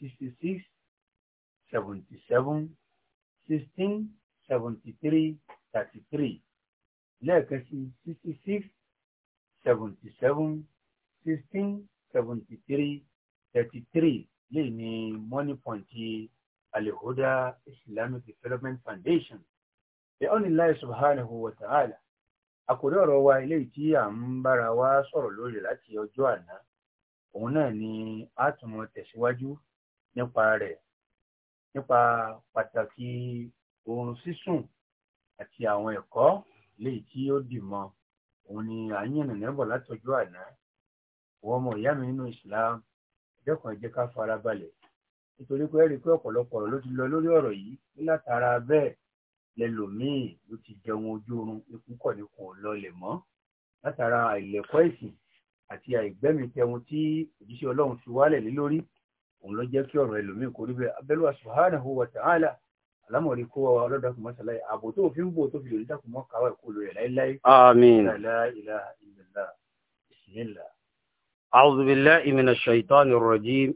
66, 77, 16, 73, 33. Lẹ́ẹ̀kan sí 66, 77, 16, 73, 33. Léyìí ni Money Point ti Al-Huda Islamic Development Foundation. Bí ọ́nà láì subhanahu wa ta'ala. Àkòrí ọ̀rọ̀ wa eléyìí tí à ń bára wa sọ̀rọ̀ lórí láti ọjọ́ àná. Òun náà ni a tún mọ tẹ̀síwájú nípa rẹ̀ nípa pàtàkì oorun sísùn àti àwọn ẹ̀kọ́ léyìí tí ó dì mọ́ òun ni à ń yànnà nẹ́bọ̀ látọjọ́ àná àwọn ọmọ ìyá mi nínú Islam ẹ̀dẹ́kan ẹ̀jẹ̀ ká fara balẹ̀ nítorí pé ẹ̀rí pé ọ̀pọ̀lọpọ̀ ọ̀rọ̀ ló ti lọ lórí ọ̀rọ̀ yìí látara bẹ́ẹ̀ lẹlòmíì ló ti jẹun ojú oorun ikú kọ̀ ní kò lọlẹ̀ mọ́ látara àìlẹ̀kọ́ ìsìn àti àìgbẹ́mìtẹun tí òjíṣẹ́ Ọlọ́run fi wálẹ̀ lé lórí òun ló jẹ́ kí ọ̀rọ̀ ẹlòmíì kò rí bẹ́ẹ̀ abẹ́lúwa subhanahu wa ta'ala alámọ̀rí kó wa ọlọ́dàkùn mọ́ sàlàyé ààbò tó fi ń bò tó fi lè dákùn mọ́ káwá ìkó lórí láéláé. àmín. la ilaha illallah bismillah. a'udhu billahi minash shaitanir rajim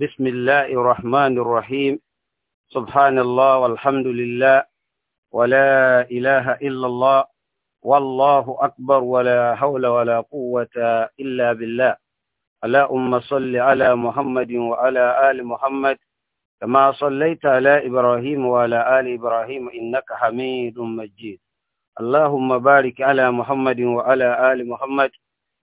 bismillahir rahmanir rahim subhanallah walhamdulillah wala ilaha illallah wallahu akbar wala hawla wala quwwata illa billah. اللهم صل على محمد وعلى آل محمد كما صليت على إبراهيم وعلى آل إبراهيم إنك حميد مجيد اللهم بارك على محمد وعلى آل محمد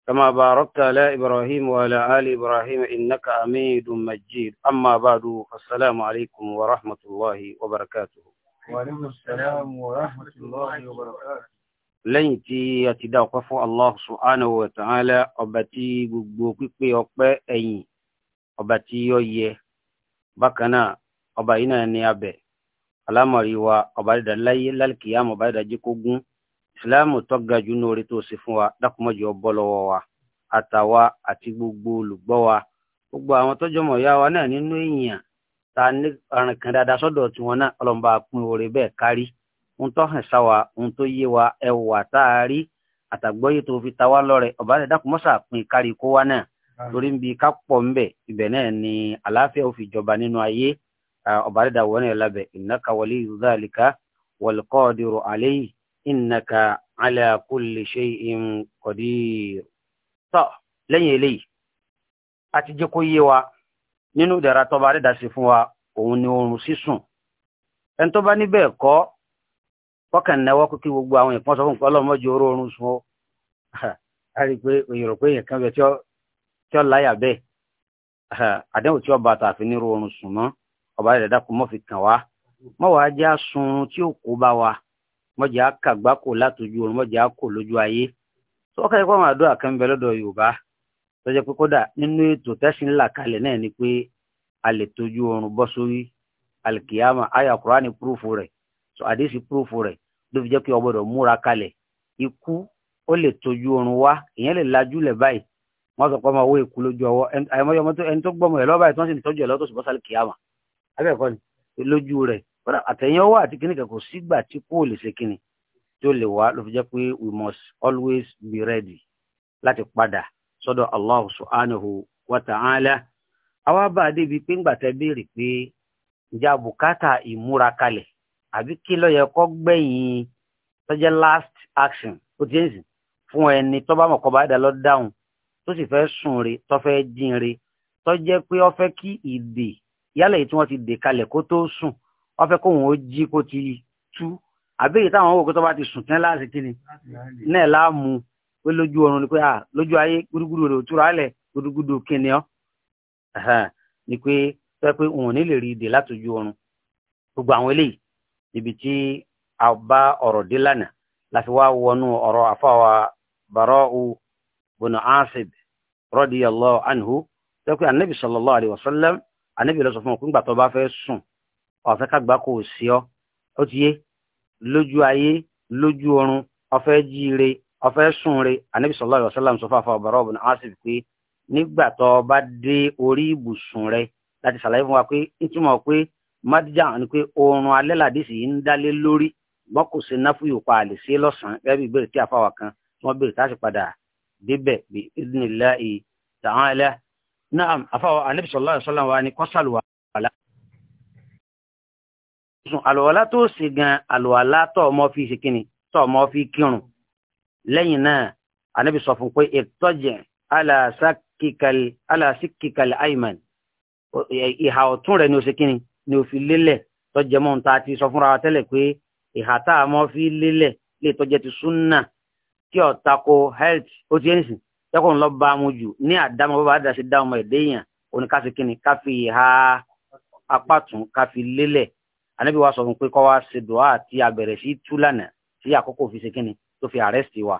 كما باركت على إبراهيم وعلى آل إبراهيم إنك حميد مجيد أما بعد فالسلام عليكم ورحمة الله وبركاته وعليكم السلام ورحمة الله وبركاته lẹ́yìn tí a ti dá ọpẹ́ fún Allah subhanahu wa ta'ala ọba tí gbogbo pípé ọpẹ́ ẹ̀yìn ọba tí ó yẹ bákan náà ọba yìí náà ní abẹ alámọ̀rí wa ọba dídá láyé lálkìyàmọ̀ ọba dídá jẹ́ kógún ìsìláàmù tó ga jù ní orí tó ṣe fún wa dákúmọ̀jọ bọ́ lọ́wọ́ wa àtàwa àti gbogbo olùgbọ́ wa gbogbo àwọn tọ́jọ́mọ̀ ya wa náà nínú èèyàn ta ní ọ̀ràn kan dáadáa sọ́dọ̀ tiwọn náà ọlọ́mọba pín oore bẹ́ẹ̀ kárí ohun tó hàn sáwa ohun tó yé wa ẹwà tá a rí àtàgbọ́yé tó fi ta wá lọ́rẹ ọba rẹ̀ dákun mọ́sà pin kárí kó wá náà torí ń bi ká pọ̀ ń bẹ̀ ibẹ̀ náà ni àlàáfíà ó fi jọba nínú ayé ọba rẹ̀ dàwọ́ náà lábẹ́ innaka waliyyu dhalika wal qadiru alayhi innaka ala kulli shay'in qadir. tọ́ lẹ́yìn eléyìí a ti jẹ́ kó yé wa nínú ìdára tọ́ba rẹ̀ dá sí fún wa òun ni oorun sísùn ẹni tó bá níbẹ̀ kọ́ kọ́kàn náwó kí gbogbo àwọn ìpọ́n sọ fún nǹkan ọlọ́mọdé oró oorun sun ó a rí i pé òyìnbó pé èèyàn kan bẹ tí ó láyà bẹ́ẹ̀ àdéhùn tí ọba àtàfi nírú oorun sùn mọ́ ọba rẹ̀ dákun mọ́ fi kàn wá mọ́ wàá já sun tí ò kó bá wa mọ́jà á kàgbá kò látòjú oorun mọ́jà á kò lójú ayé sọ́kà yìí kó àwọn àdúrà kan bẹ lọ́dọ̀ Yorùbá tó jẹ́ pé kódà nínú ètò tẹ́sán là kalẹ̀ náà ni pé a lè tójú oorun bọ́ sórí alikiyama aya Kùránì púrúfù rẹ̀ so àdéhùn púrúfù rẹ̀ ló fi jẹ́ pé ọgbọ́dọ̀ múra kalẹ̀ ikú ó lè tọ́jú oorun wá ìyẹn lè lajú lẹ̀ báyìí wọ́n sọ pé ọmọ owó ikú lójú ọwọ́ àìmọye ọmọ ẹni tó gbọ́mọ ẹ̀ lọ́ba ìtọ́jú ìtọ́jú ẹ̀ lọ́tọ̀ ṣùgbọ́n sálẹ̀ kìámà abẹ́ẹ̀kọ́ ni lójú rẹ̀ àtẹ̀yìn ọwọ́ àti kíní kẹ̀kọ́ sígbà tí kò lè ṣe kíni tó lè wá ló fi jẹ́ pé we must always be ready láti padà sọ́dọ̀ Allah subhanahu wa ta'ala àwa bá a débi pé ńgbà tẹ́ béèrè pé ǹjẹ́ àbùkátà ìmúra kalẹ̀ àbí kí ló yẹ kó gbẹ̀yìn tó last action ó ti ń sìn fún ẹni tó bá mọ̀ kọ́ bá dà lọ dáhùn tó sì fẹ́ sùn re tó fẹ́ jìn re tó jẹ́ pé ó fẹ́ kí ìdè yálẹ̀ èyí tí wọ́n ti dè kalẹ̀ kó tó sùn ó fẹ́ kóun ó jí kó ti tú àbí èyí táwọn òkú tó bá ti sùn tán láti kí ni náà láàmú pé lójú ọrùn ni pé à lójú ayé gúdúgúdú rẹ̀ òtúra lẹ̀ gúdúgúdú kíni ọ́ ni pé fẹ́ pé òun ò ní lè rí ìdè látòjú ọrùn gbogbo àwọn eléyìí ibi tí a bá ọ̀rọ̀ dé lánàá láti wá wọnú ọ̀rọ̀ àfáwà bara'u bin asib radiyallahu anhu lọ́kùn anabi sallallahu alayhi wa sallam anabi lọ sọ fún ọkùnrin gbàtọ́ bá fẹ́ sùn ọ̀fẹ́ kàgbà kò sí ọ ó ti yé lójú ayé lójú oorun ọfẹ́ jíire ọfẹ́ sùnre anabi sallallahu alayhi wa sallam sọ fún asib pé nígbàtọ́ bá dé orí ibùsùn rẹ láti ṣàlàyé fún wa pé nítumọ̀ pé madija ni pé oorun alẹ́ làdísì yìí ń dálé lórí wọn kò ṣe náfúyò pa àlè sí lọ́sàn-án gẹ́gẹ́ bí ìbéèrè tí àfàwà kan tí wọ́n béèrè táṣì padà débẹ̀ bí ìdínilá ìyí tàwọn ẹlẹ́ náà àfàwà ànábì sallallahu alaihi wasallam wa ni kọ́sàlù àlá. àlùwàlá tó ṣe gan àlùwàlá tó ọmọ fi ṣe kíni tó ọmọ fi kírun lẹ́yìn náà ànábì fún pé ìtọ́jẹ̀ alàsíkìkàlì àìmán ìhà ọ̀tún rẹ̀ ni ó ṣe kíni ni òfin lélẹ̀ tọ́jẹ́ mọ́ ta ti sọ fúnra wa tẹ́lẹ̀ pé ìhà tá a mọ́ fi lélẹ̀ lè tọ́jẹ́ ti súnà tí ọ̀ta ko health ó ti yẹn nìsín tẹ́kọ̀ ń lọ bá a mu jù ní àdámọ́ bàbá àdàṣe dá ọmọ ẹ̀dẹ́ yẹn oníkàṣe kínní ká fi ìhà apá ká fi lélẹ̀ ànábì wa sọ fún pé kọ́ wa ṣe dùá àti àbẹ̀rẹ̀ sí túlànà tí àkókò fi ṣe kínní tó fi àrẹ́sì wa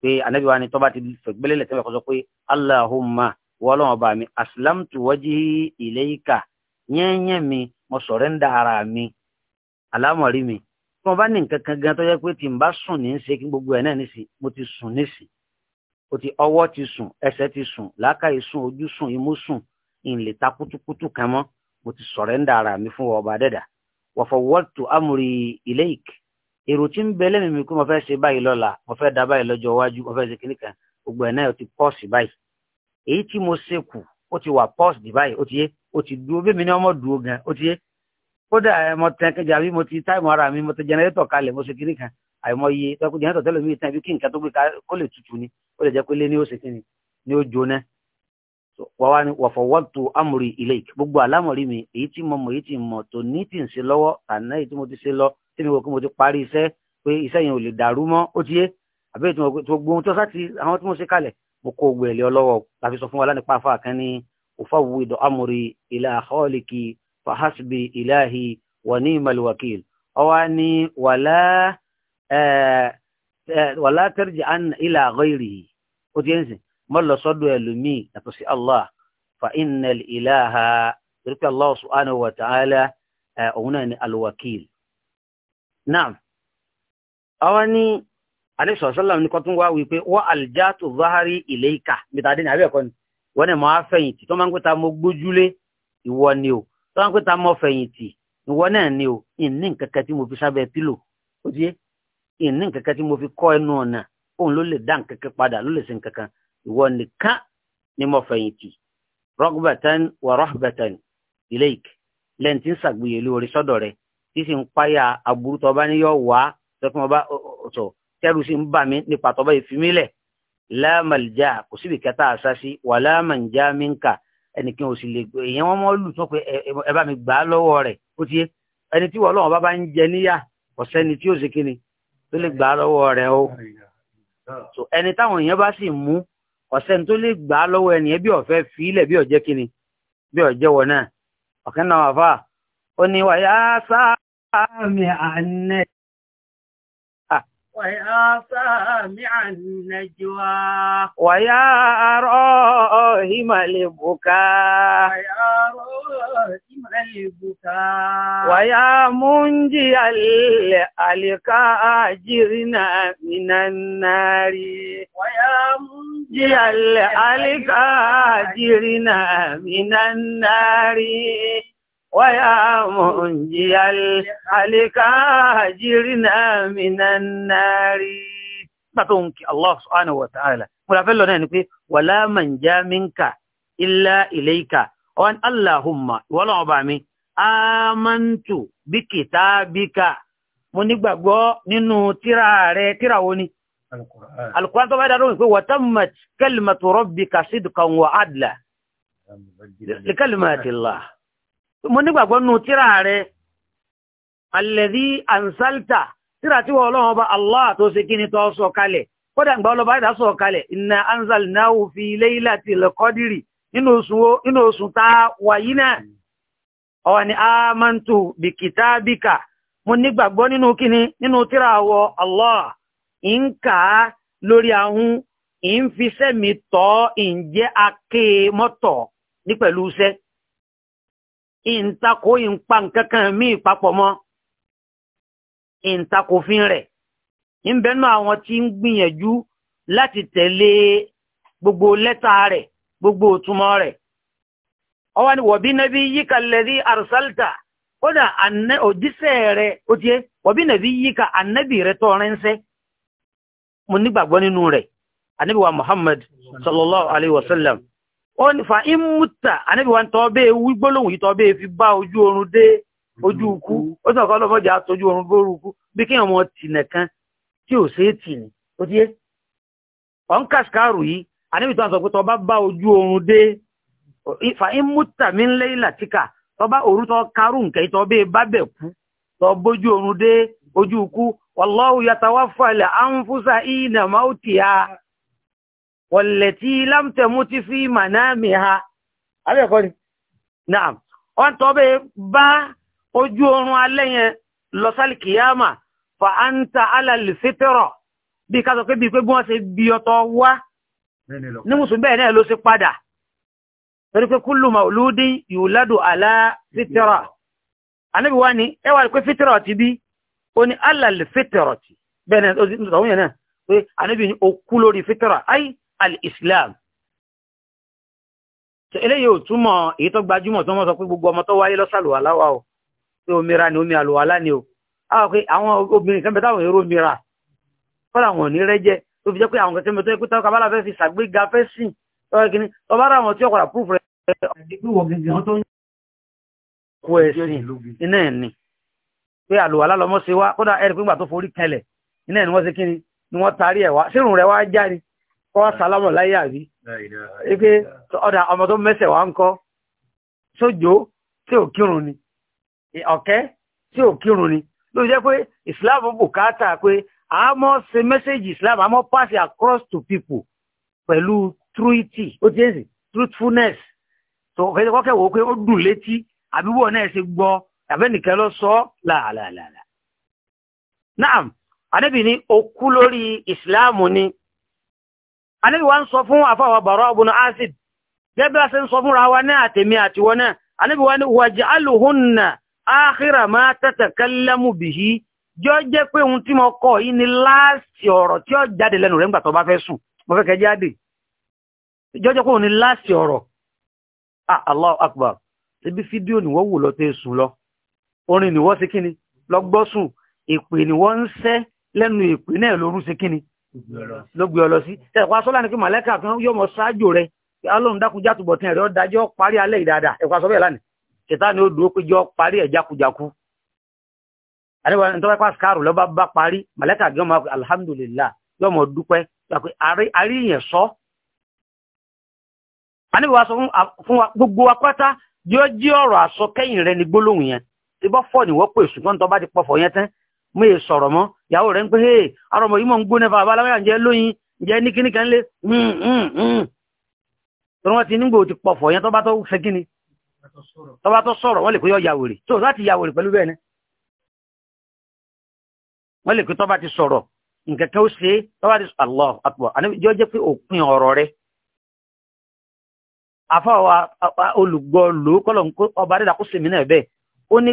pé ànábì wa ni tọ́ba ti fẹ̀gbẹ́lẹ́lẹ̀ tẹ́lẹ̀ kọ́ sọ pé Allahumma wọ́ọ́lọ́wọ́n bá mi aslamtu wajhi ilayka yẹ́nyẹ́ mi mo sọ̀rẹ́ńdà ara mi alámọ̀rí mi tí mo bá ní nǹkan kan gan tó yẹ pé tí n bá sùn ní í ṣe kí gbogbo ẹ̀ náà nísì mo ti sùn nísì o ti ọwọ́ ti sùn ẹsẹ̀ ti sùn làákàyè sùn ojú sùn imú sùn ìlè ta kútúkútú kan mọ́ mo ti sọ̀rẹ́ńdà ara mi fún ọba dẹ́dà wọ̀fọ̀ wọ́ọ̀tù amúri ilé ìk èrò tí ń bẹ lẹ́mìí mi pé mo fẹ́ ṣe báyìí lọ́la mo fẹ́ da báyìí lọ́jọ́ iwájú mo fẹ́ ṣe kíní kan gbogbo ẹ̀ náà ti pọ́ọ̀sì báyìí èyí tí mo ṣe kù ó ti wà pọ́ọ̀sì báyìí ó ti yé o ti dúró bí mi ní ọmọ dúró gan o ti yé kódà mo tẹ kẹjà bí mo ti táìmù ara mi mo tẹ jẹnẹrétọ̀ kalẹ̀ mo ṣe kiri kan àìmọ iye tọkùn jẹnẹrétọ̀ tẹ́lẹ̀ mi tán ibi kí nǹkan tó gbé kó lè tutù ni ó lè jẹ pé lé ní ó kí ni ni ó jóná wà wá ní wọ̀fọ̀ wọ́tò amúri ilé gbogbo àlámọ̀rí mi èyí tí mo mọ̀ èyí tí mo tò ní tì ń ṣe lọ́wọ́ àná èyí tí mo ti ṣe lọ tí mi wò pé mo ti parí iṣẹ́ pé iṣẹ́ yẹn ò lè dàrú mọ́ ó ti yé àbẹ́yẹ tí mo gbogbo ohun tó sáti àwọn tí mo ṣe kalẹ̀ mo kó gbẹ̀lẹ́ ọlọ́wọ́ tàbí sọ fún wa lánàá pàfà kan ní أفوض أمري إلى خالقي فحسبي إلهي ونعم الوكيل أواني ولا آه wàlá tẹ́rìjì àná ilà àgọ́ìrì yìí ó ti ń sìn mọ́ lọ sọ́dọ̀ ẹlòmíì yàtọ̀ sí allah fa innal ilaha irúfẹ́ allah subhanahu wa ta'ala òun náà ni alwakil. naam àwọn ní alẹ́ sọ̀rọ̀ sọ́lá ní kọ́tún wá wípé wọ́n aljatu zahari ilayka mìtàdé ní abẹ́ẹ̀kọ́ ni wọ́n náà mọ afẹ̀yìntì tó máa ń pè ta mo gbójúlé ìwọ ni o tó máa ń pè ta mo fẹ̀yìntì ìwọ náà ni o ìní nkankan tí mo fi sábẹ́ pílò ó di ìní nkankan tí mo fi kọ́ ẹnu ọ̀nà òun ló lè dá nkankan padà ló lè ṣe nkankan ìwọ nìkan ni mo fẹ̀yìntì rọ́gbàtàn wà rọ́gbàtàn ìlẹ́yìk lẹ́yìn tí ń sàgbéyè lórí sọ́dọ̀ rẹ̀ tí sì ń páyà aburú tọ́ba ní yọ wá tọ́kùn láàmàlìjà kò síbi kẹta àṣà sí wà láàmàlìjà mínka ẹnìkan ò sì lè gbé èèyàn wọn mọ lù tó pé ẹ bá mi gbà á lọ́wọ́ rẹ̀ ó ti yé ẹni tí Ọlọ́run bá bá ń jẹ níyà ọ̀sẹ́ni tí ó ṣe kíni tó lè gbà á lọ́wọ́ rẹ̀ o so ẹni táwọn èèyàn bá sì mú ọ̀sẹ́ni tó lè gbà á lọ́wọ́ ẹnìyẹn bí ọ̀fẹ́ fílẹ̀ bí ọ̀jẹ́ kíni bí ọ̀jẹ́ wọ̀ náà ọ̀kẹ́ náà wà fà ó ní wàyà sáà mi àná ويا سامع النجوى ويا راهم البكاء ويا راهم البكاء ويا منجي الكاجرنا من النار ويا منجي الكاجرنا من النار ويا منجي الحلك أجرنا من النار بطنك الله سبحانه وتعالى ملافل لنا نقول ولا من جاء منك إلا إليك وأن اللهم ولا عبامي آمنت بكتابك mo nígbàgbọ́ nínú tíra rẹ̀ tíra wo ni alukura tó bá dáadọ́ wípé wàtàmàtí kalimatu rabbika sidqan wa adla likalimati Allah mo nígbàgbọ́ nù tíra rẹ̀ alẹ́dí ansalta tíra tí ọlọ́run ọba allah tó sì kíni tó sọ kalẹ̀ kódà ìgbà ọlọ́ba ìdá sọ kalẹ̀ inna anzalnahu fi laylatil qadri nínú oṣù náà ọwà ni amantu bi kitabika mo nígbàgbọ́ nínú kíni nínú tíra wọ allah ń kà á lórí ahun ń ìǹtakò ìǹpa nkankan míì papọ̀ mọ́ ìǹtakòfin rẹ̀ ńbẹ́nu àwọn tí ń gbìyànjú láti tẹ̀lé gbogbo lẹ́tà rẹ̀ gbogbo òtúmọ̀ rẹ̀ ọwọ́ ni wọ̀bí yíka lẹ́rí àrùsálítà rẹ̀ ó tiẹ́ wọ̀bí yíka ànẹ́bì rẹ̀ tọ́ mo nígbàgbọ́ nínú rẹ̀ ànẹ́bì wa Muhammad sallallahu alayhi wa sallam ó ní fa ìmúta ànábì wa ń tọ́ bẹ́ẹ̀ gbólóhùn yìí tọ́ fi bá ojú oorun dé ojú ikú ó sọ̀kọ́ ọlọ́mọdé àtọ́jú oorun bóru ikú bí kí ọmọ tìnà kan tí ò ṣeé tì ní ó ti ọ̀n kàṣkàrù yìí ànábì sọ pé bá ojú oorun dé fa ìmúta mi karù bá bẹ̀ kú wọ̀lẹ̀tí lámtẹ̀mú ti fi mànáàmì ha abẹ́ẹ̀kọ́ ni naam wọ́n tọ́ bẹ́ bá ojú oorun alẹ́ yẹn lọ sálì kìyàmà fa á ń ta alàlì fẹ́tẹ̀rọ̀ bí ká sọ pé bí pé bí wọ́n ṣe bí ọtọ̀ wá ní mùsùlùmí bẹ́ẹ̀ náà ló ṣe padà torí pé kúlù màlúdí yuladu àlá fẹ́tẹ̀rọ̀ anábì wá ní ẹ wà pé fẹ́tẹ̀rọ̀ ti bí ó ní alàlì fẹ́tẹ̀rọ̀ ti bẹ́ẹ̀ náà ó ti ń sọ̀rọ̀ yẹn náà pé anábì ní okú lórí fẹ́tẹ̀rọ̀ ayé al-islam so eléyìí ò túmọ̀ èyí tó gbajúmọ̀ tó wọ́n sọ pé gbogbo ọmọ tó wáyé lọ́sàlùwàlá wa o pé omira ni omi àlùwàlá ni o àwọn pé àwọn obìnrin kan bẹ táwọn èrò omira kọ́lá wọn ò ní rẹ́jẹ́ tó fi jẹ́ pé àwọn kan tẹ́mẹ́tọ́ ẹkú tọ́ka bá fi ṣàgbéga fẹ́ sìn kọ́ wá sálámọ̀ láyé àbí wípé ọ̀dà ọmọ tó mẹ́sẹ̀ wá ń kọ́ sójó tí ò kírun ni ọ̀kẹ́ tí ò kírun ni ló jẹ́ pé Islam bùkátà pé a mọ́ ṣe mẹ́sẹ̀gì Islam a mọ́ pass across to people pẹ̀lú truity ó ti ẹ̀sìn truthfulness tó ọ̀kẹ́ kọ́kẹ́ wò ó pé ó dùn létí àbíwọ̀ náà ṣe gbọ́ àbẹ́nìkẹ́ lọ sọ láàlàlà. Naam, adébìnrin okú lórí Islam ni. Ànábì wa ń sọ fún àfàwà bàrọ̀ ọ̀bùnà acid gẹ́gẹ́ bá ṣe ń sọ fúnra wa náà àtẹ̀mí àti wọn náà Ànábì wa ní wàjí alùhùnà áhìrà máa tẹ̀tẹ̀ kẹ́lẹ́mù bìí jọ jẹ́ pé ohun tí mo kọ yìí ni láàsì ọ̀rọ̀ tí ó jáde lẹ́nu rẹ̀ nígbà tó bá fẹ́ sùn mo fẹ́ kẹ́ jáde jọ jẹ́ pé òun ni láàsì ọ̀rọ̀ ah Akbar ebi fídíò ni wọ́n wò lọ tẹ́ sùn lọ orin ni wọ́n ṣe kíni lọ sùn èpè ni wọ́n ń ṣẹ́ lẹ́nu èpè náà lórú kíni ló gbé ọ lọ sí ẹ̀kọ́ asọ́lá ni kí màlẹ́kà kan yóò mọ̀ ṣáájò rẹ ọlọ́run dákun jàtúbọ̀ tẹ̀ rẹ ó dájọ́ parí alẹ́ ìdáadáa ẹ̀kọ́ asọ́bẹ̀ lánìí ṣètá ni ó dúró pé jọ parí ẹ̀ jákujáku àdéhùn ẹni tó bá pàṣkáàrù lọ́ba bá parí màlẹ́kà gan máa alhamdulillah yóò mọ̀ dúpẹ́ pé àríyàn sọ. àníbi wa sọ fún wa gbogbo wa pátá yóò jí ọ̀rọ̀ àsọkẹ́yìn rẹ ní gbólóhùn yẹn ibọ́ fọ́ ni wọ́n pè ṣùgbọ́n tó bá ti pọ̀fọ̀ yẹn tán mo yẹ sọ̀rọ̀ mọ́ ìyàwó rẹ̀ ń pé hey arọmọ yìí mọ̀ ń gbóná fa abaláwáyà ǹjẹ́ lóyin ǹjẹ́ ní kíní kan lé hmm, hmm, hmm. tó wọ́n ti nígbò ti pọ̀fọ̀ yẹn tó bá tó fẹ́ kíni tó bá tó sọ̀rọ̀ wọ́n lè pé yọ yàwèrè tó láti yàwèrè pẹ̀lú bẹ́ẹ̀ ni wọ́n lè pé tó ti sọ̀rọ̀ nǹkan kan ó ṣe tó ti sọ̀rọ̀ Allah akbar àníjọ́ jẹ́ pé òpin ọ̀rọ̀ rẹ̀ afọ́ olùgbọ́ lòókọ́lọ̀ ọba adédàkúsèmí náà bẹ́ẹ̀ ó ní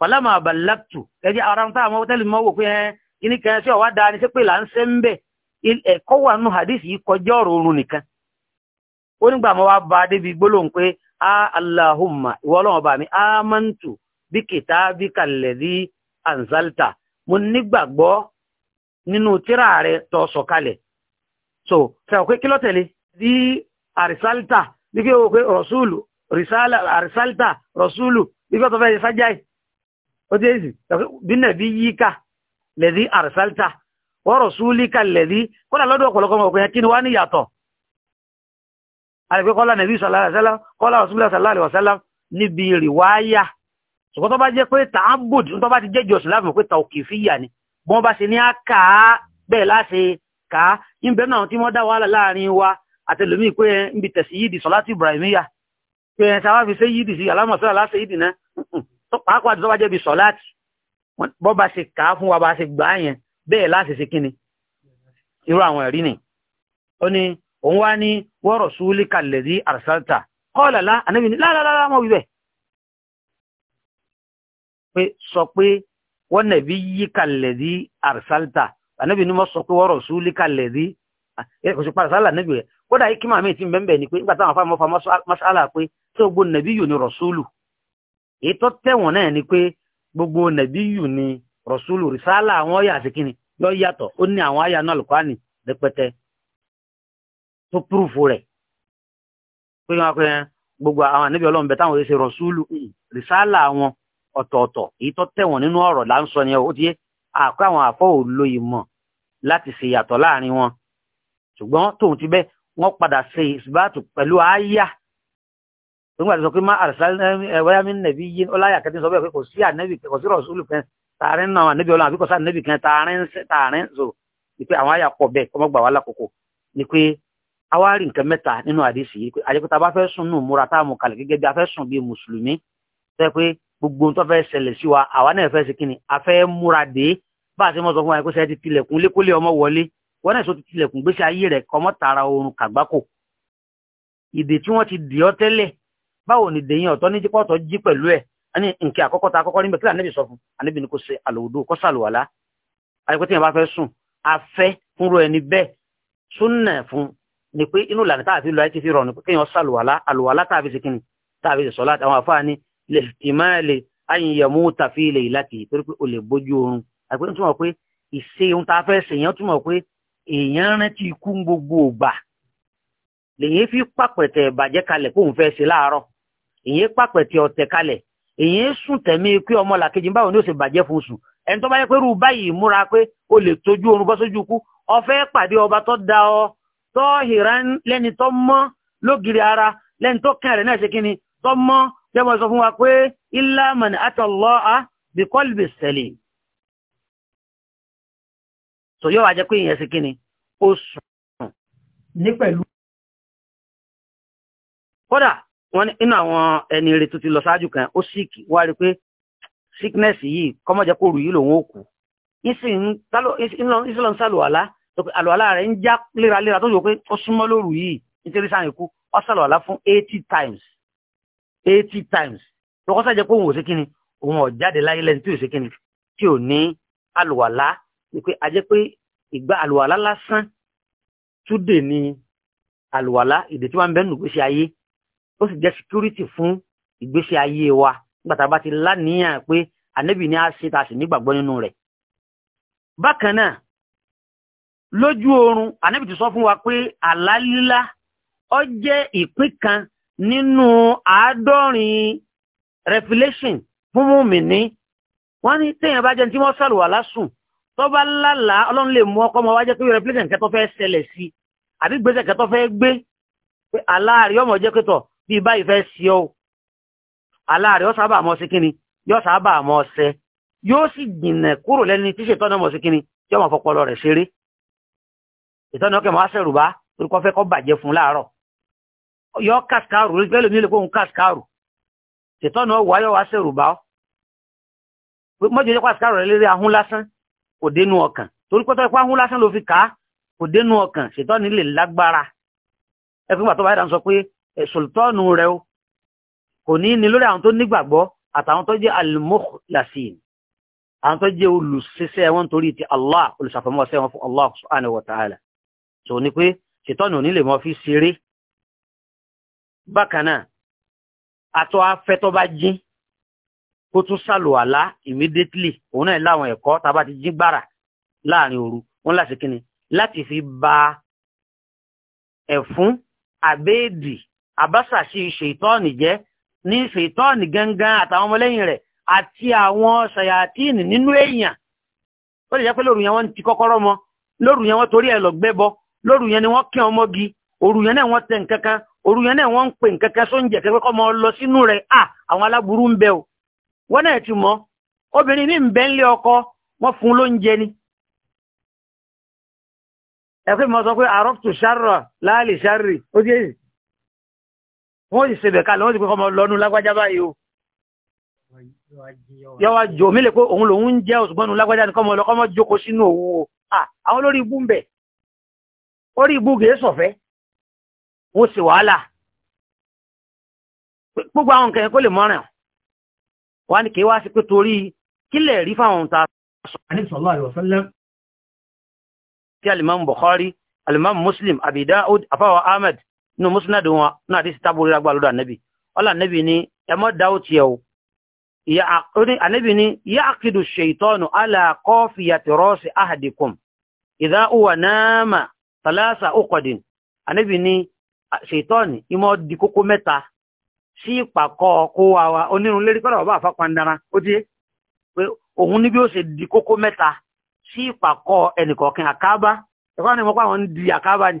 fàlámà àbàlàtù ẹjẹ́ ara ń táwọn tẹ́lì mọ́ wò pé ẹ́ kíní kan sí ọ̀wá dáa ni ṣé pé là ń ṣe ń bẹ̀ ẹ̀kọ́ wà nù hadith yìí kọjá ọ̀rọ̀ oorun nìkan ó nígbà mọ́ wá bá débi gbólóhùn pé a Allahumma ìwọ ọlọ́run bá mi amantu bí kitabika alladhi anzalta mo nígbàgbọ́ nínú tírà rẹ tó sọ̀kalẹ̀ so sẹ́wọ̀n pé kí ló tẹ̀lé di arisalta bí kí o pé rọ̀súlù àrísálítà rọ̀súlù bí kí o tó fẹ́ ṣe sájáì ó tí èsì bí nàbí yíká lẹ́dí àrẹ́sálítà wọ́rọ̀ súlíkà lẹ́dí kọ́lá lọ́dọ̀ ọ̀pọ̀lọpọ̀ ọkùnrin kí ni wá ní yàtọ̀ àrẹ́pẹ́ kọ́lá nàbí sàlárẹ̀sálá kọ́lá ọ̀sùnlẹ̀ sàlárẹ̀sálá níbi rìwáyà ṣùgbọ́n tó bá jẹ́ pé tààbùd tó bá ti jẹ́ jọ̀sùn láàmù pé tàòkì fìyà ni bọ́n bá ṣe ní àkà bẹ́ẹ̀ láṣe kà á ìbẹ̀ náà tí wọ́n dá wàhálà láàrin wa àtẹlòmíì pé ń bi tẹ̀sí yídì sọ láti Ibrahimiyya pé ẹ̀ sáwá fi ṣe yídì sí alámọ̀sọ́lá láṣe yídì náà pàápàá tó bá jẹ́ bí sọ̀láàtì bọ́ bá ṣe kàá fún wa bá ṣe gbà á yẹn bẹ́ẹ̀ láti ṣe kíni irú àwọn ẹ̀rí ni ó ní òun wá ní wa rasulika allazi arsalta qala la ànábì ní láàlára mọ́ wíbẹ̀ pé sọ pé wa nabiyyika allazi arsalta ànábì ní mọ́ sọ pé wa rasulika allazi kò sí padà sálà ànábì kódà ikí màmí ti bẹ́ẹ̀ ni pé nígbà táwọn afáàmọ́fà mọ́sálà pé tí ó gbó nàbí yòó ni rọ̀súlù èyí tó tẹ̀wọ̀n náà ni pé gbogbo nàbí yù ni rọ̀ṣúlù rìsálà àwọn ọ̀yà àti kínní yọ yàtọ̀ ó ní àwọn àyà náà lùkọ́ánì rẹpẹtẹ tó púrùfù rẹ̀ pé wọn pe gbogbo àwọn ànábì ọlọ́run bẹ táwọn ṣe rọ̀ṣúlù rìsálà àwọn ọ̀tọ̀ọ̀tọ̀ èyí tó tẹ̀wọ̀n nínú ọ̀rọ̀ là ń sọ ni ó ti yé àkọ́ àwọn àfọ́ òlo ìmọ̀ láti ṣe yàtọ̀ láàrin wọn ṣùgbọ́n tóun ti bẹ́ wọ́n padà ṣe ìsìbáàtù pẹ̀lú àyà nígbà tó sọ pé má àrẹ̀sálẹ̀ wáyà mi eh, nẹ̀bí yé ọláyà kẹtí sọ bẹ́ẹ̀ pé kò sí ànẹ́bì kò sí rọ̀súlù kan tààrin náà ànẹ́bì ọlọ́run àbíkọ́sá ànẹ́bì kan tààrin tààrin so ni pé àwọn àyà bẹ́ẹ̀ kọ́mọ gbà wá lákòókò ni pé àwa rí nǹkan mẹ́ta nínú àdìsí yìí pé àjẹpẹ́ta bá fẹ́ sùn nù múra táàmù kalẹ̀ gẹ́gẹ́ bí a fẹ́ sùn bíi mùsùlùmí tó pé wa àwa náà fẹ́ ṣe kí ni a fẹ́ múra dé bá a ṣe mọ̀ sọ fún wa pé ṣe ti tilẹ̀kùn lékólé ọmọ wọlé báwo ni dèyìn ọ̀tọ́ ní jípọ̀tọ̀ jí pẹ̀lú ẹ̀ ní nkẹ́ àkọ́kọ́ ta àkọ́kọ́ níbẹ̀ kí lànàbì sọ fún ànàbì ni kò ṣe àlòdò kó ṣàlùwàlá àyẹ̀kọ́ tí yẹn bá fẹ́ sùn afẹ́ fúnrọ ẹni bẹ́ẹ̀ súnà fún ni pé inú ìlànà tá a fi lọ ayé ti fi rọrùn kéèyàn ṣàlùwàlá àlùwàlá tá a fi ṣe kíni tá a fi ṣe sọlá àwọn afáà ni lè ìmáàlè ayìnyẹmú tàfi ilẹ̀ ìlàkì torí pé o lè bójú oorun àyẹ̀kọ́ túmọ̀ pé ìṣe ohun tá a fẹ́ ṣe èèyàn túmọ̀ pé èèyàn rántí ikú gbogbo ògbà lèyìn fi pàpẹ̀tẹ̀ bàjẹ́ kalẹ̀ kóun fẹ́ ṣe láàárọ̀ èyí pàpẹ̀tì ọ̀tẹ̀ kalẹ̀ èyí sùn tẹ̀mí pé ọmọ làkejì báwo ni ó sì bàjẹ́ fún oṣù ẹni tó bá yẹ pé rú báyìí múra pé o lè tójú oorun bọ́ sójú kú ọfẹ́ pàdé ọba tó da ọ tó lẹ́ni tó mọ́ lógiri ara lẹ́ni tó náà ṣe kí ni tó mọ́ sọ fún wa pé wọ́n ní inú àwọn ẹni rẹ̀ tó ti lọ ṣáájú kan ó sick wá rí pé sickness yìí kọ́mọ̀jẹ́ kó rù yìí lòun ó kú ìsìlọ̀ ń sàlùwàlá àlùwàlá rẹ̀ ń já léraléra tó yọ pé ó súnmọ́ lóru yìí nítorí sáà ikú ó sàlùwàlá fún eighty times eighty times lọ́kọ́ sáà jẹ́ pé òun ò ṣe kíni òun ò jáde láyé lẹ́ni tí ò ṣe kíni tí ò ní àlùwàlá pé a jẹ́ pé ìgbà àlùwàlá lásán túdè ní àlùwàlá ìdè tí wọ́n ń bẹ́ẹ̀ nù ayé ó sì jẹ́ security fún ìgbésí ayé wa nígbà tá a bá ti láníyàn pé ànábì ni a ṣe tá a sì nígbàgbọ́ nínú rẹ̀ bákan náà lójú oorun ànábì ti sọ fún wa pé àlá lílá ó jẹ́ ìpín kan nínú àádọ́rin revelation fún mùmíní wọ́n ní téèyàn bá jẹ́ tí wọ́n sàlùwà lásùn tó bá lálà ọlọ́run lè mú ọkọ́ ọmọ wájẹ́ pé revelation kẹtọ́ fẹ́ ṣẹlẹ̀ sí àbí gbèsè kẹtọ́ fẹ́ gbé pé aláàrí ọmọ jẹ́ pé tọ̀ bí báyìí fẹ́ sí ọ aláàrẹ̀ yóò sábà mọ́ sí kíni yóò sábà mọ́ ṣẹ yóò sì jìnà kúrò lẹ́ni tí ṣètọ́nà mọ̀ sí kíni yóò máa fọpọlọ rẹ̀ ṣeré ìtọ́nà ọkẹ̀ máa ṣẹ̀rù bá torí kọ́ fẹ́ kọ́ bàjẹ́ fún láàárọ̀ yọ kàṣkàrù rí pẹ́lú mi lè kóhun kàṣkàrù ìtọ́nà ọwọ́ ayọ́ wa ṣẹ̀rù bá mọ́jọ́ jẹ́ kàṣkàrù rẹ̀ lérí ahun lásán kò dénú ọkàn torí pẹ́tọ́ ipá ahun lásán ló fi kà á kò dénú ọkàn ṣètọ́ni lè lágbára ẹ fún gbà tó bá yàrá sọ pé sultanu rẹ o kò ní ní lórí àwọn tó nígbàgbọ́ àtàwọn tó jẹ́ al-mukhlasin àwọn tó jẹ́ olùṣiṣẹ́ wọn torí ti Allah olùṣàfọmọ́sẹ́ wọn fún Allah subhanahu wa ta'ala tó ní pé ṣètọ́nù ò ní lè mọ fi ṣeré bákan náà àtọ́ afẹ́ tó bá jí kó tún sàlù àlá immediately òun náà láwọn ẹ̀kọ́ tá bá ti jí gbàrà láàrin òru wọn láti kíni láti fi ba ẹ̀fún àbéèdì àbáṣàṣe ṣètọ́ọ̀nì jẹ́ ní ṣètọ́ọ̀nì gangan àtàwọn ọmọlẹ́yìn rẹ̀ àti àwọn ṣàyàtíìnì nínú èèyàn ó lè jẹ́ pé lóru yẹn wọ́n ti kọ́kọ́rọ́ mọ́ lóru yẹn wọ́n torí ẹ̀ lọ gbẹ́bọ lóru yẹn ni wọ́n kí ọmọ gi òru yẹn náà wọ́n tẹ nǹkan kan òru yẹn náà wọ́n ń pè nǹkan kan sóúnjẹ kẹ́kẹ́ kọ́ mọ́ lọ sínú rẹ̀ à àwọn aláburú ń bẹ o wọ́n náà ti mọ̀ obìnrin ní ìbẹ́ ńlẹ̀ ọkọ wọ́n fún lóúnjẹ ni ẹ̀kọ́ ìmọ̀ sọ pé àrọ́pùtù sárọ̀ láàlì sárì ó dé wọ́n sì ṣe bẹ̀kalẹ̀ wọ́n sì pé kọ́mọ lọ́nu lágbájá báyìí o yọwọ́ jò mí lè pé òun lòun ń jẹ́ òṣùgbọ́nu lágbájá ní kọ́mọ lọ́kọ́mọ jókòó sínú òun o àwọn lórí ibú ń bẹ̀ orí ibú gèé sọ̀fẹ́ alimam Muslim Abi Daud afawa Ahmed nínú musnadu wọn náà àti sítá borí lágbà lọ́dọ̀ ànẹ́bì ọlá ànẹ́bì ni ẹmọ́ dáwó tiẹ̀ o ànẹ́bì ni yá àkìdù ṣèitọ́nù aláàkọ́fìyàtì rọ́ọ̀sì ahadikum ìdá uwà náàmà tàlásà ókọ̀dìn ànẹ́bì ni ṣèitọ́nì ìmọ̀ di kókó mẹ́ta sí ìpàkọ́ kó wa wa onírun lérí kọ́dà bàbá àfapandara ó ti pé òun ní bí ó ṣe di kókó mẹ́ta sí ìpàkọ́ ẹnìkọ̀ọ̀kan àkábá ẹ̀kọ́ ni mo pa àwọn di àkábá ni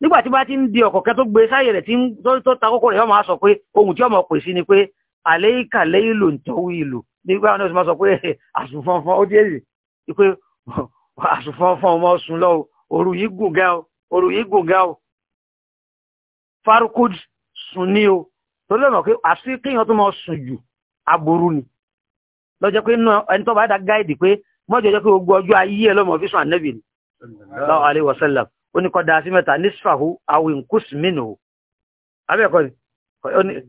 nígbà tí bá ti ń di ọ̀kọ̀kẹ́ tó gbé sáyè rẹ̀ tí tó ta kókó rẹ̀ yọ máa sọ pé ohun tí ọmọ pè sí ni pé àléìkà léìlò ń tọ́wọ́ ìlò nígbà wọn náà sọ pé àsùnfọ́nfọ́n ó dérè pé àsùnfọ́nfọ́n ọmọ sùn lọ òru yìí gùn gá o òru yìí gùn gá o farukud sùn ní o tó lọ́nà pé àti kéèyàn tó máa sùn jù aburú ni lọ́jọ́ pé ẹni tó bá dá gáìdì pé mọ́jọ́ pé gbogbo ọjọ́ ayé ẹ lọ́mọ fi sùn ànẹ́bì ni lọ́wọ́ alẹ́ wọ́sẹ́lẹ̀ oni ọmọnà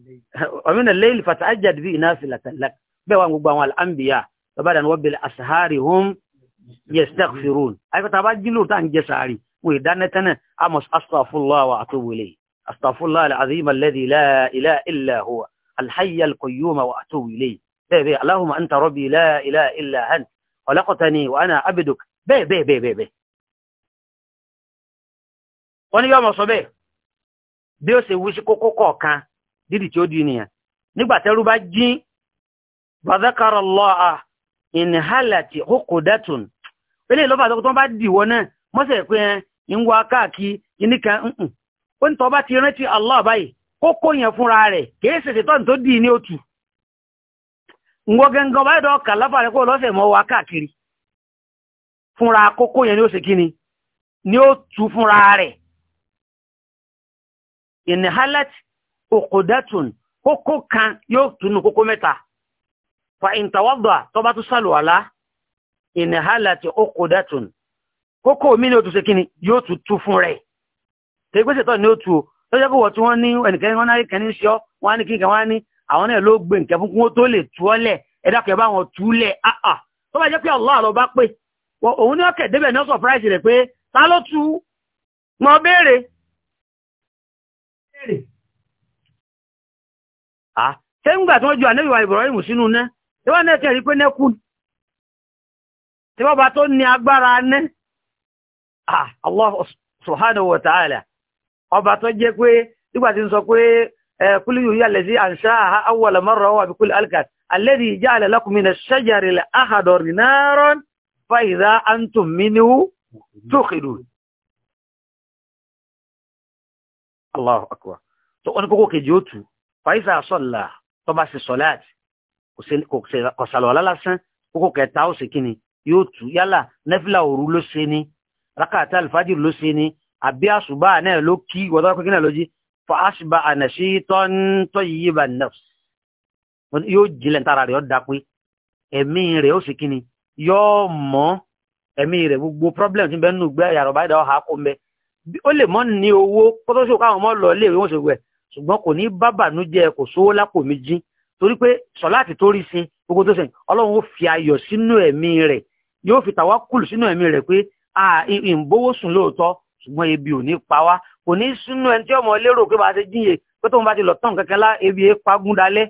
aw lẹ́yìn fata ajad bí iná lak be wà gbogbo wal anbiya bàbá dàn wọ́n bẹ̀rẹ̀ asahari hum yastaghfirun àyíkọ́ta bá jí lóòótọ́ à ń jẹ sàárì wọ́n ìdánẹ́tẹ́nẹ́ amos astaghfirullah wa atubu ilay astaghfirullah al'azim alladhi la ilaha illa huwa الحي القيوم وأتوب إليه بيه بيه اللهم أنت ربي لا إله إلا أنت خلقتني وأنا عبدك بيه بيه بيه بيه wọ́n ní yọ́mọ̀ sọ bẹ́ẹ̀ bí ó ṣe wú sí kókó kọ̀ọ̀kan dídì tí ó di nìyàn nígbà tẹ́rú bá jí bàzákàrọ̀ lọ́à ìnìhálàtì hókò dẹ́tùn ilé ìlọ́fà tó bá dìwọ́ náà mọ́sẹ̀ pé ń wá káàkiri kíní kan ó ń tọ́ bá ti rántí Allah báyìí kókó yẹn fúnra rẹ̀ kìí tó dì ní òtù báyìí dọ́ kà láfà rẹ̀ kó mọ́ wá káàkiri fúnra inhalat òkòdátùn kókó kan yóò tunu kókó mẹta fa ìntàwọ́dọ̀ tó bá tún ala ìníhálàt òkòdátùn kókó mi ni ó tún ṣe kíni yóò tún tú fún ni otu o tó kó wọ́n tí wọ́n ní ẹnìkan wọn náà kẹ́ ní ṣọ́ wọn á ní kíkan wọn á ní àwọn náà ló gbé nǹkan fún kí tó lè bá wọn tó bá pé bá òun béèrè. à sẹ́ńgbà tí wọ́n ju ànábì wa Ibrahim sínú náà tí wọ́n náà kẹ́rì pé nẹ́kù tí wọ́n bá tó ní agbára ná Allah subhanahu wa ta'ala ọba tó jẹ́ pé nígbà tí ń sọ pé kúlù yìí yà lẹ́sí àṣà awwala Allahu akbar tó wọ́n ní kókó kejì ó tù fàyíṣà sọ̀là tó bá ṣe sọ̀láàtì kò sàlọ̀lá lásán kókó kẹta ó ṣe kíni yóò tù yálà nẹ́fìlà òru ló ṣe ni rákàtà alfájì ló ṣe ni àbí àṣùbà náà ló kí wọ́dọ́ pé kíni lójí fa àṣùbà ànàṣí tọ́ntọ́ yìí bá nafs yóò jilẹ̀ ntara rẹ̀ ọ́ da pé ẹ̀mí rẹ̀ ó ṣe kíni yóò mọ́ ẹ̀mí rẹ̀ gbogbo problem ti bẹ́ẹ̀ nù gbẹ́ yàrá ọ̀bá ìdáwọ̀ ha kó mbẹ́ ó lè mọ́ ní owó kọ́tọ́sọ́ káwọn ọmọ lọ léèwé wọ́n ṣògbẹ́ ṣùgbọ́n kò ní bábànújẹ́ kò sówó lápò méjì torí pé sọ̀láàtì tó rí sin gbogbo tó sẹ̀yìn ọlọ́run ó fi ayọ̀ sínú ẹ̀mí rẹ̀ yóò fi tàwa kùlù sínú ẹ̀mí rẹ̀ pé ìbówó sùn lóòótọ́ ṣùgbọ́n ebi ò ní pa wá kò ní sínú ẹni tí ọmọ lérò pé bá ṣe jíye pé tóun bá ti lọ tán kankan lá ebi é e pagún dalẹ̀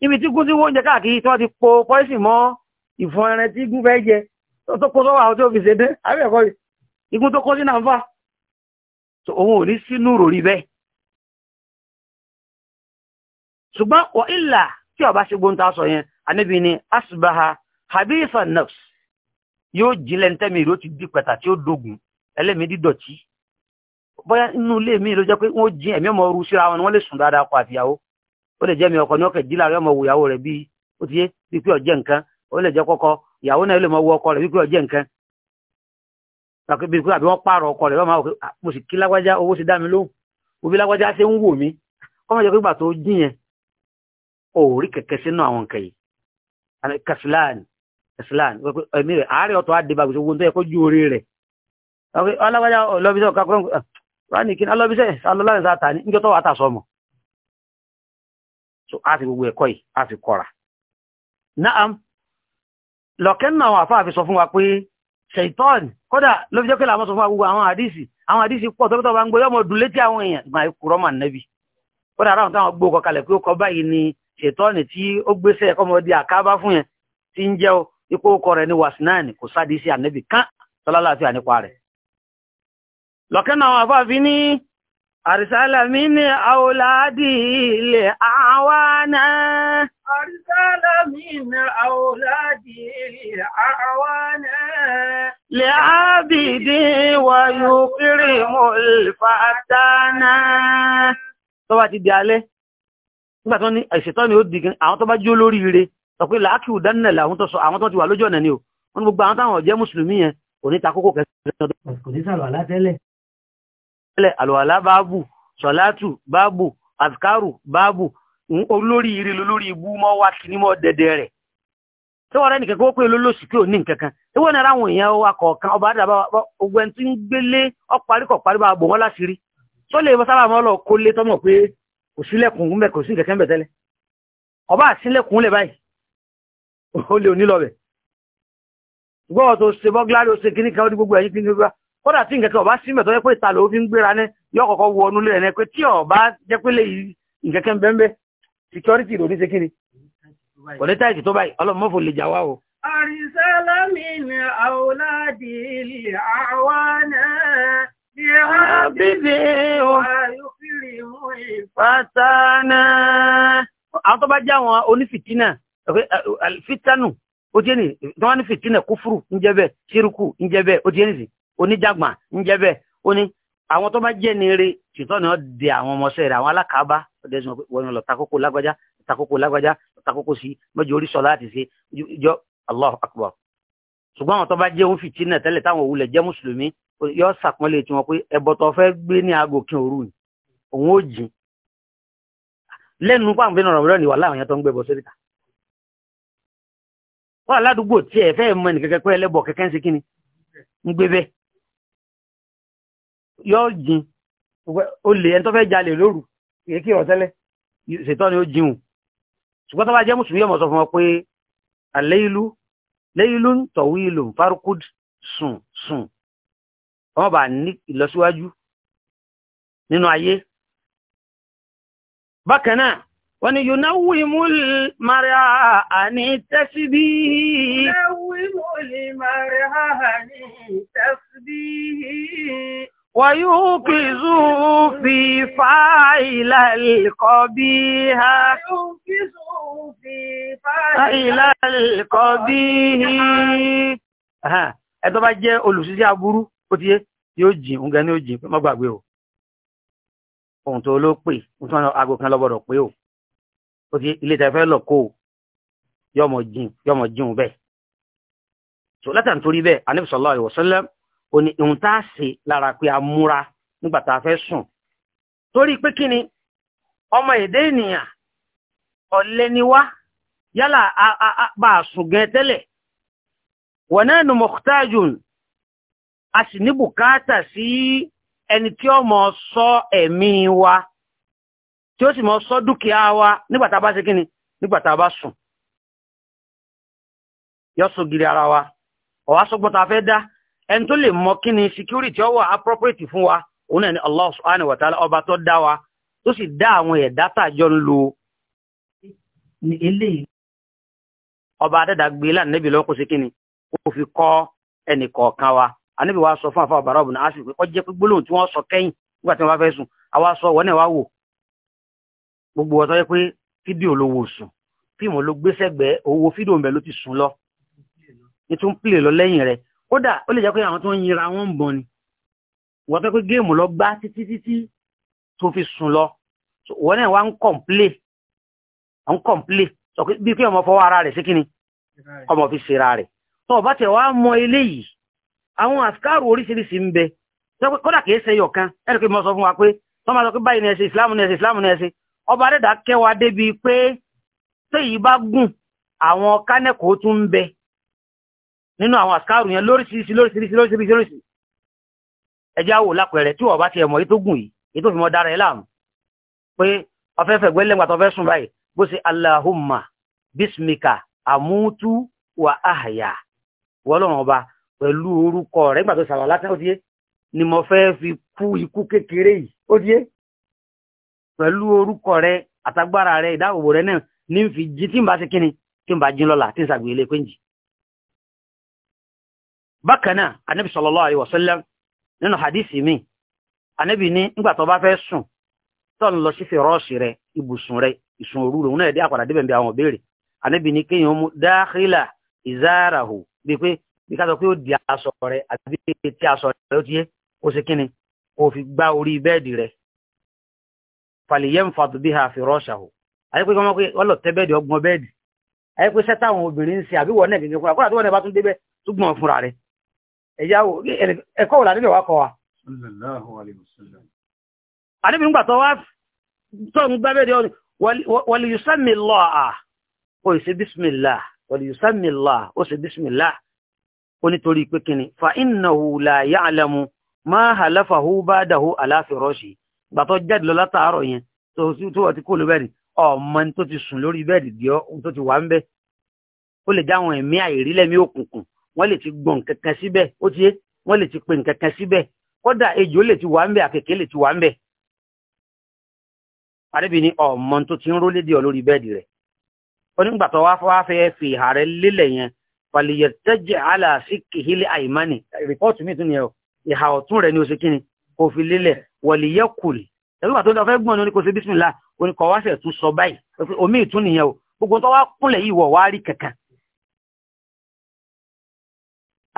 níbi tí gún sí oúnjẹ káàkiri tí wọ́n ti po pọ́ìsì mọ́ ìfọn ẹran tí gún fẹ́ jẹ tó kó sọ́wọ́ àwọn tí ó fi ṣe dé àbẹ̀kọ́ igun tó kó sí náà ń fà so òun ò ní sínú ròrí bẹ́ẹ̀ ṣùgbọ́n wọ ìlà tí ọba ṣe gbóǹta sọ yẹn anábì ni asbaha habifa nafs yóò jí lẹ́ntẹ́mi ìró ti di pẹ̀tà tí ó dogun ẹlẹ́mi dídọ̀tí bóyá inú ilé mi ló jẹ́ pé wọ́n jí ẹ̀mí ọmọ ooru síra wọn ni wọ́n lè sùn dáadáa kọ àtìyàwó ó lè jẹ́ mi ọkọ ní ọkẹ̀ jí láàrin ọmọ òwòyàwó rẹ̀ bí ó ti yé bí pé ọjẹ́ nǹkan ó lè jẹ́ kọ́kọ́ ìyàwó náà lè mọ wọ ọkọ rẹ̀ bí pé ọjẹ́ nǹkan bí pé àbí wọ́n pààrọ̀ ọkọ rẹ̀ wọ́n máa wò pé ah, mo sì kí lágbájá owó ti dá mi lóhùn òbí lágbájá ṣe ń wò mí kọ́mọ̀ jẹ́ pé gbà tó dín yẹn kẹ̀kẹ́ sínú àwọn nǹkan yìí kasilaani kasilaani ẹ̀mí rẹ̀ àárẹ̀ ọ̀tọ̀ àdébà gbèsè owó tó yẹ kó ju orí rẹ̀ alágbájá ọlọ́bíṣẹ́ ọ̀ka rani kí alọ́bíṣẹ́ alọ́lárin sáà tà ní níjọ́ so a ti gbogbo ẹ̀kọ́ yìí a ti kọ́ra naam ṣèitọ́n kódà ló fi jẹ́ pẹ́lú àwọn sọ fún agogo àwọn àdìsí àwọn àdìsí pọ̀ tọ́pẹ́tọ́ bá ń gbé yọmọ dùn létí àwọn èèyàn ìgbà ìkúrọ́ mà nẹ́bì kódà àwọn táwọn gbó kọ kalẹ̀ pé ó kọ báyìí ni ṣèitọ́n tí ó gbéṣẹ́ kọ́mọdé àkábá fún yẹn tí ń jẹ́ ipò kọ rẹ̀ ní wasnani kò sáà dìísí ànẹ́bì kán tọ́lá àti ànípa rẹ̀. lọ́kẹ́nà àwọn afáàfi ní àrísàlámì ní àwòlá من أولادي أعوانا لعبيدي ويقرم الفتانا tó bá ti di alẹ́ nígbà tó ní ìṣètọ́ ni ó di gan àwọn tó bá jó àwọn tó wà lójú ọ̀nà ni o wọn gbogbo àwọn táwọn jẹ́ mùsùlùmí yẹn kò ní takókò kẹsàn-án. kò ní sàlọ̀ olórí ire lórí ibú ibu wá kí ní mọ́ dẹ́dẹ́ rẹ̀ tí wọ́n rẹ̀ nìkan ò ní kan èèyàn wa kọ̀ọ̀kan ọba àdàbà ogun ẹni tí ń gbélé ọparíkọ̀ parí bá bò wọ́n láṣìírí tó lè sábà ọ lọ kó lé tọ́mọ̀ pé kò sílẹ̀kùn bẹ̀ kò sí nǹkan bẹ̀ tẹ́lẹ̀ ọba àsílẹ̀kùn lẹ̀ báyìí ó lè onílọ bẹ̀ gbọ́wọ́ tó ṣe bọ́gláàrí ó ṣe kíní kan ó ní gbogbo ẹ̀yìn kíní gbogbo kódà tí ọba sí pé security ló ní ṣe kí ni kò ní táìkì tó báyìí ọlọ́run mọ́fò lè jà wá o. àwọn tó bá jẹ́ àwọn onífìtínà fitanu ó jẹ́ ni tí wọ́n ní fìtínà kúfúrú ń jẹ́ bẹ́ẹ̀ ṣírùkù ń jẹ́ bẹ́ẹ̀ ó jẹ́ nìsín oníjàgbọ̀n ń jẹ́ bẹ́ẹ̀ ó ní àwọn tó bá jẹ́ ní eré ṣètọ́ ni wọ́n di àwọn ọmọọṣẹ́ rẹ̀ àwọn alákàábá ọ̀dẹ́sùn wọn lọ takoko lágbájá takoko lágbájá takoko sí mọ́jọ orí sọ láti ṣe jọ Allahu Akbar ṣùgbọ́n àwọn tó bá jẹ́ òun fìtí náà tẹ́lẹ̀ táwọn òwúlẹ̀ jẹ́ mùsùlùmí yọ sàpọ́nlé tiwọn pé ẹbọ tó fẹ́ gbé ní aago kí òru ni òun ó jìn lẹ́nu pàmò fẹ́ nọ̀rọ̀ rẹ̀ ni wà láwọn yẹn tó ń gbẹbọ síríta wọ́n aládùúgbò tí ẹ̀ fẹ́ mọ nìkẹ́kẹ́ pé ẹlẹ́bọ̀ kẹ́kẹ́ ń ṣe kíni ń gbé bẹ́ẹ̀ yóò jin o lè ẹni tó fẹ́ jalè lóru kìí kí ọ̀tẹ́lẹ̀ ṣètọ́ ni ó jin o ṣùgbọ́n tó bá jẹ́ mùsùlùmí ọmọ sọ fún ọ pé àléìlú léìlú ń tọ̀wí ìlò farukud sùn sùn wọ́n bá ní ìlọsíwájú nínú ayé bákan náà wọ́n ni yunáwó imúl mara àní tẹ́síbí yunáwó imúl mara àní tẹ́síbí ويوقظوا في فاعل القبيح ويوقظوا في فاعل القبيح ẹ̀tọ́ bá jẹ́ olùsíṣẹ́ aburú ó ti yé yóò jìn oúnjẹ ní ó jìn pé má gbàgbé o ohun tó ló pè ohun tó wọn aago kan lọ́gbọ̀dọ̀ pé o ó ti ilé ìtafẹ́ lọ kó o yọmọ jìn yọmọ jìn bẹ́ẹ̀ so látàn torí bẹ́ẹ̀ anabi sallallahu alaihi wasallam ò ní ìhun tá a ṣe lára pé a múra nígbà tá a fẹ́ sùn torí pé kí ni ọmọ èdè ènìyàn ọ̀lẹ ni wá yálà bá a sùn gan tẹ́lẹ̀ wọ̀n náà nù mọ̀kútájùn a sì ní bùkátà sí ẹni tí ó mọ̀ ṣọ́ ẹ̀mí wa tí ó sì mọ̀ ṣọ́ dúkìá wa nígbà tá a bá ṣe kí ni nígbà tá a bá sùn yọ́sùn gírí ara wa ọ̀wá sọ́gbọ́n ta fẹ́ dá ẹni tó lè mọ kí ni security ó wà appropriate fún wa òun náà ni Allah subhanahu wa ta'ala ọba tó dá wa tó sì dá àwọn ẹ̀dá tàjọ ń lo ọba adẹ́dà gbé e láti níbi lọ́kùn sí kíni ó fi kọ́ ẹnì kọ̀ọ̀kan wa anábì wa sọ fún àfa ọ̀bàrà ọ̀bùnà á a pé ọjẹ́ pé gbólóhùn tí wọ́n sọ kẹ́yìn nígbà tí wọ́n bá fẹ́ sọ wọ́n náà wá wò gbogbo ọ̀tọ́ yẹ pé fídíò ló wò sùn fíìmù ló owó fídíò ń bẹ̀ ti sùn lọ ní tún lọ lẹ́yìn rẹ̀ kódà ó lè jẹ́ pé àwọn tó ń yinra wọn ń bọ̀ ni wọ́n fẹ́ pé géèmù lọ gbá títí títí tó fi sùn lọ wọ́n náà wá ń kọ̀m̀plé ń kọ̀m̀plé bí kí ọmọ fọwọ́ ara rẹ̀ sí kíni ọmọ fi ṣera rẹ̀ tó o bá tẹ̀ wá mọ eléyìí àwọn àsìkáàrù oríṣiríṣi ń bẹ kódà kìí ṣe yọ̀kan ẹ̀rọ pé mo sọ fún wa pé tó máa sọ pé báyìí ní ẹsẹ̀ ìsìláàmù ní ẹsẹ̀ ìsìláàmù ní ẹsẹ̀ ọba adẹ́dà kẹwàá débi pé téyìí bá gùn àwọn kánẹ́kọ̀ọ́ tún ń bẹ nínú àwọn àsìkáàrù yẹn lóríṣiríṣi lóríṣiríṣi lóríṣiríṣi lóríṣiríṣi ẹjẹ́ àwò lápẹẹrẹ tí wọ́n bá ti ẹ̀mọ́ yìí tó gùn yìí èyí tó fi mọ́ dára ẹ̀ láàmú pé ọfẹ́fẹ́ gbẹ́lẹ́ ńgbà tó fẹ́ sùn báyìí bó ṣe Allahumma bísmìkà àmútú wà áhàyà wọ́lọ́run ọba pẹ̀lú orúkọ rẹ̀ nígbà tó sàrọ̀ látẹ́ òdíyé ni mo fẹ́ fi kú ikú kékeré yìí òdíyé pẹ̀lú orúkọ rẹ̀ àtagbára rẹ̀ ìdáàbòbò rẹ̀ náà ní fi jí tí n bá ṣe kíni tí n bá jí lọ́la tí n ṣàgbéyẹlé péǹjì bákanáà anábì sallallahu alaihi wasallam nínú hadisi mi anábì ní nígbà tó bá fẹ́ sùn tó ń lọ sí fèrọ́ọ̀sì rẹ ibùsùn rẹ ìsùn òru lòun náà dé àpàdà débẹ̀ bí àwọn òbéèrè anábì ní kéèyàn mú dáhìlà ìzáraho bí pé bí ká sọ pé ó di aṣọ rẹ àti bí tí aṣọ rẹ ó ti yé ó sì kíni kó fi gbá orí bẹ́ẹ̀dì rẹ fàlìyẹ́m fàtó bí ẹ̀yáwó ẹ̀kọ́ wò lànà wà kọ́ wa. àdébí nígbà tó wá tó ń gbá bẹ́ẹ̀ ni wọ́n lè yùsá mi lọ à ó sì bísímìlá wọ́n lè yùsá mi lọ ó sì bísímìlá pé kíni fa innahu la ya'lamu ma halafahu ba'dahu ala firashi gbàtọ́ jáde lọ látàárọ̀ yẹn tó tó tó wọ́n lè ti gbọ̀n nǹkan kan síbẹ̀ ó ti yé wọ́n lè ti pe nǹkan kan síbẹ̀ kódà ejò lè ti wà ń bẹ̀ àkèké lè ti wà ń bẹ̀. àdébì ni ọmọ tó ti ń ró lédè ọ lórí bẹ́ẹ̀dì rẹ̀ onígbà tó wá fọwọ́ fẹ́ fi ìhà rẹ̀ lélẹ̀ yẹn fàlìyẹ tẹ́jẹ̀ aláàsì àìmánì rìpọ́ọ̀tù mi tún ni ìhà ọ̀tún rẹ̀ ni ó ṣe kíni kò fi lélẹ̀ wọ̀lìyẹ kùlì ẹgbẹ́ tó ń fẹ́ gbọ́n ní oníkó ṣe bísímìlá oníkọ̀wáṣẹ̀ tún sọ báyìí omi ìtún nìyẹn o gbogbo tó wá kúnlẹ̀ yìí wọ̀ wá rí kankan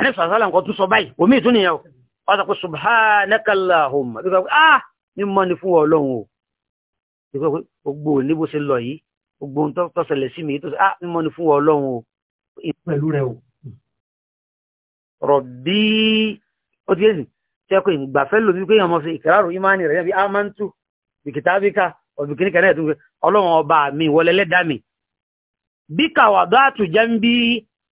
àdé sàásàlà nǹkan tún sọ báyìí omi ìtún nìyẹn o wọ́n sọ pé subhanakallahumma bí wọ́n ah ní mọ́ ni fún ọlọ́run o gbogbo òní bó ṣe lọ yìí gbogbo ohun tó ṣẹlẹ̀ sí mi tó ṣe ah ní mọ́ ni fún ọlọ́run o pẹ̀lú rẹ o rọ̀bí ó ti yẹ́sì tí ẹkọ̀ ìgbàfẹ́ lómi pé ọmọ fi ìkìràrù ìmáni rẹ̀ bí amantu bìkìtàbíkà ọ̀bìkìníkà náà tún ọlọ́run ọba mi wọlẹ́lẹ́dá mi bí kàwàdọ́ àtùjẹ́ ń bí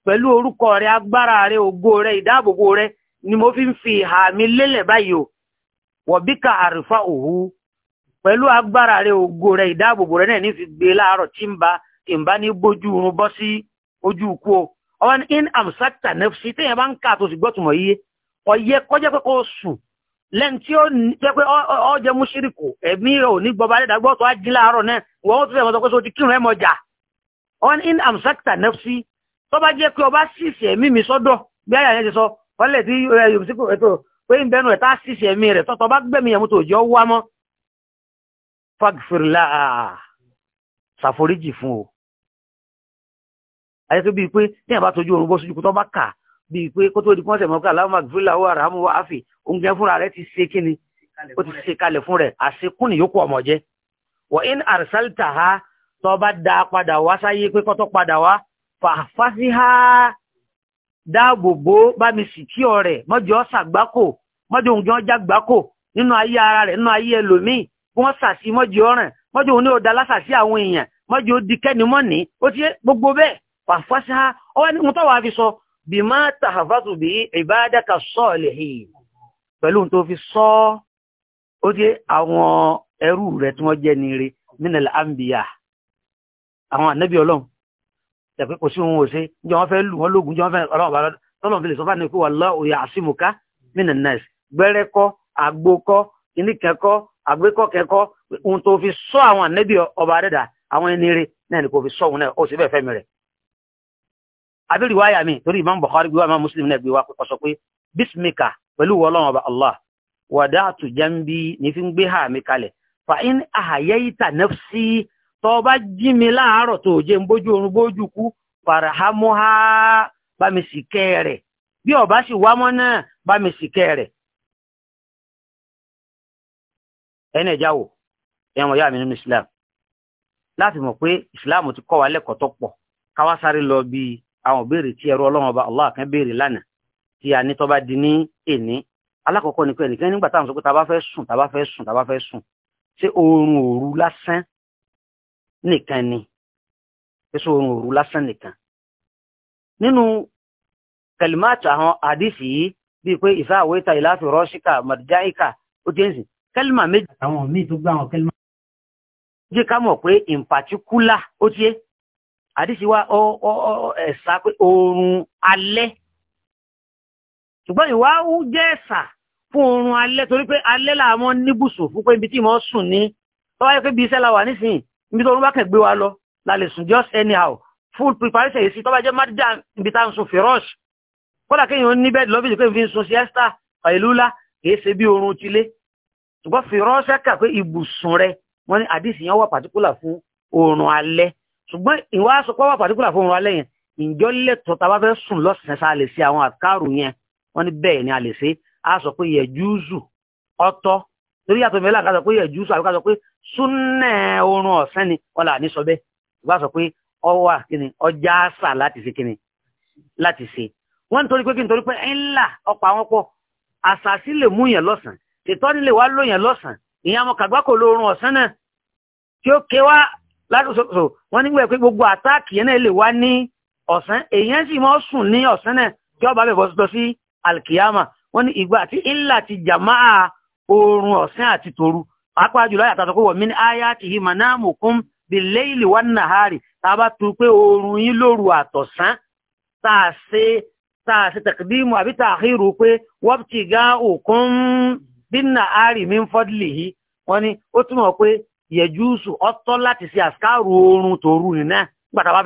pẹ̀lú orúkọ rẹ agbára rẹ ògo rẹ ìdáàbòbò rẹ ni mo fi ń fi ìhà mi lélẹ̀ báyìí o wọ̀bíkà àrífà òhu pẹ̀lú agbára rẹ ògo rẹ ìdáàbòbò rẹ náà ní fi gbé láàárọ̀ tí ń ba ìbá ní o in am sakta bá ń ọ jẹ́ ò ní náà wọ́n tún fẹ́ pé so ti kírun ẹ̀ mọ́ jà tó bá jẹ́ pé ọba sísì ẹ̀mí mi sọ́dọ̀ bí àyà yẹn ti sọ wọlé tí yorùbá sí ètò pé ń bẹnu ẹ̀ tá sísì ẹ̀mí rẹ̀ tọ́tọ́ bá gbẹ̀mí ẹ̀mú tó jọ wá mọ́ fagfirila ṣàforíjì fún o ayé tó bíi pé ní àbá tójú orun bó sojú kó tó bá kà bíi pé kó tó di pọ́ńsẹ̀ mọ́ká láwọn fagfirila ó ara mú àfi oúnjẹ fúnra rẹ̀ ti ṣe kíni ó ti ṣe kalẹ̀ fún rẹ̀ àṣekún nìyókù ọmọ jẹ́ wọ́n in arsaltaha tó bá da padà wá sáyé pé kó padà wá fàfásíhá dáàbòbò bá mi sì kí ọ̀rẹ́ mọ́jọ́ ṣàgbákò mọ́jọ́ òun gan jágbákò nínú ayé ara rẹ̀ nínú ayé ẹlòmíì kí wọ́n sàṣì mọ́jọ́ ọ̀ràn mọ́jọ́ òun ní ọ̀dà lásàṣì àwọn èèyàn mọ́jọ́ ó di kẹ́ni mọ́ni ó ti gbogbo bẹ́ẹ̀ fàfásíhá ọwọ́ ní mọ́tọ́ wàá fi sọ bí má tàhàfàtù bí ìbádàkà sọ́ọ̀lì hìí pẹ̀lú tó fi sọ́ ó ti àwọn ẹrú rẹ̀ tí wọ́n jẹ́ nire mínàlá àmbíyà àwọn ànábì ọlọ́run yàtọ̀ kò sí òun ò ṣe ǹjẹ́ wọ́n fẹ́ lù wọ́n lóògùn ǹjẹ́ wọ́n fẹ́ ọlọ́run bá tọ́lọ̀ fi lè sọ fún àníkú wà lọ́ òye àṣìmùká mínà nẹ́ẹ̀sì gbẹ́rẹ́kọ́ àgbókọ́ kìnnìkẹ́kọ́ àgbékọ́kẹ́kọ́ ohun tó fi sọ àwọn ànẹ́bí ọba àdẹ́dà àwọn ẹni rẹ náà ni kò fi sọ òun náà ó sì bẹ́ẹ̀ fẹ́mi rẹ̀. abiri wáyà mi torí imam bukhari gbé wa imam muslim náà gbé wa kọ sọ pé bísmìkà pẹ̀lú wọlọ́run allah wàdà àtùjẹ́ ń bí ní fi fa in àhàyẹ́ nafsi tọba jimila arọ mi láàárọ̀ tó jẹ́ ń bójú orun bójú kú fàràhámúhá bá mi sì kẹ́ rẹ̀ bí ọba sì wá mọ́ náà bá mi sì kẹ́ rẹ̀. ẹnì ẹja wò ẹ̀wọ̀n yá mi nínú Islam láti mọ̀ pé Islam ti kọ́ wa lẹ́kọ̀ọ́ tó pọ̀ káwá sáré lọ bí àwọn béèrè tí ẹrú ọlọ́run ọba Allah kan béèrè lánàá tí a ní tó di ní èní alákọ̀ọ́kọ́ ni pé ẹnìkan nígbà táwọn sọ pé ta bá fẹ́ sùn ta bá fẹ́ sùn ta bá fẹ́ sùn ṣé oorun òru lásán nìkan ni èso oorun òru lásán nìkan nínú kalimáàtì àwọn àdìsí yìí bíi pé ìfẹ́ àwẹ́ta ìláfi rọ́ṣíkà mọ̀díjáìkà ó ti ń sìn kẹlímà méjì àtàwọn míì tó gbá àwọn kẹlímà. jẹ́ ká mọ̀ pé in ó ti yé àdìsí wa ọ ọ ọ ẹ̀sà pé oorun alẹ́ ṣùgbọ́n ìwà ó jẹ́ ẹ̀sà fún oorun alẹ́ torí pé alẹ́ làwọn níbùsùn fún pé ibi tí mo sùn ní tọ́wọ́ yẹ pé bí iṣẹ́ la wà nísìnyí níbi tó ń wákẹ̀ gbé wa lọ la sùn just anyhow full preparation yìí sí tọ́ba jẹ́ mádìjà níbi tá à ń sun ferosh kódà kéèyàn ní bẹ́ẹ̀ lọ́bìlì pé n fi ń sun siesta àìlúlá kìí ṣe bí oorun ti lé ṣùgbọ́n ferosh kà pé ibùsùn rẹ wọ́n ní àdìsí yẹn wà pàtíkùlà fún oorun alẹ́ ṣùgbọ́n ìwà aṣọ pọ́ wà pàtíkùlà fún oorun alẹ́ yẹn ìjọ lẹ́tọ̀ tá a bá fẹ́ sùn lọ́sàn-án lè ṣe àwọn àkárù yẹn wọ́n ní bẹ́ẹ̀ ni a lè ṣe á sọ pé yẹ júùsù ọ̀tọ̀ torí yàtọ̀ mẹ́lá ká sọ pé ẹ̀jú sọ àbíká sọ pé súnẹ̀ oorun ọ̀sán ni ọ̀là ní sọ bẹ́ẹ̀ ìgbà sọ pé ọwà kíni ọjà àṣà láti ṣe kíni láti ṣe wọ́n nítorí pé kí nítorí pé ńlá ọ̀pọ̀ àwọn pọ̀ àṣà sí lè mú yẹn lọ́sàn tètọ́ nílé wa ló yẹn lọ́sàn ìyẹn àwọn kàgbákò lóorun ọ̀sán náà tí ó ké wá látòsòsò wọ́n nígbà pé gbogbo àtáàkì yẹn náà lè wá ní ọ̀sán èèyàn sì mọ́ sùn ní ọ̀sán náà kí ọba bẹ̀ bọ́ sí alkiyama wọ́n ní ìgbà àti ńlá ti jàmáà oorun ọsịn àti toru pàápàá jùlọ àyàtà sọ pé wọ̀ mí ní ayatihi manamukum bil-layli wan-nahari tá a bá tu pé oorun yín lóru àtọ̀sán tá a ṣe tá a ṣe taqdimu àbí ta'khiru pé min fadlihi wọ́n ní ó túmọ̀ pé yẹjúùsù ọ̀tọ̀ láti ṣe àṣkáàrù oorun tòru nìyẹn nígbà tá a bá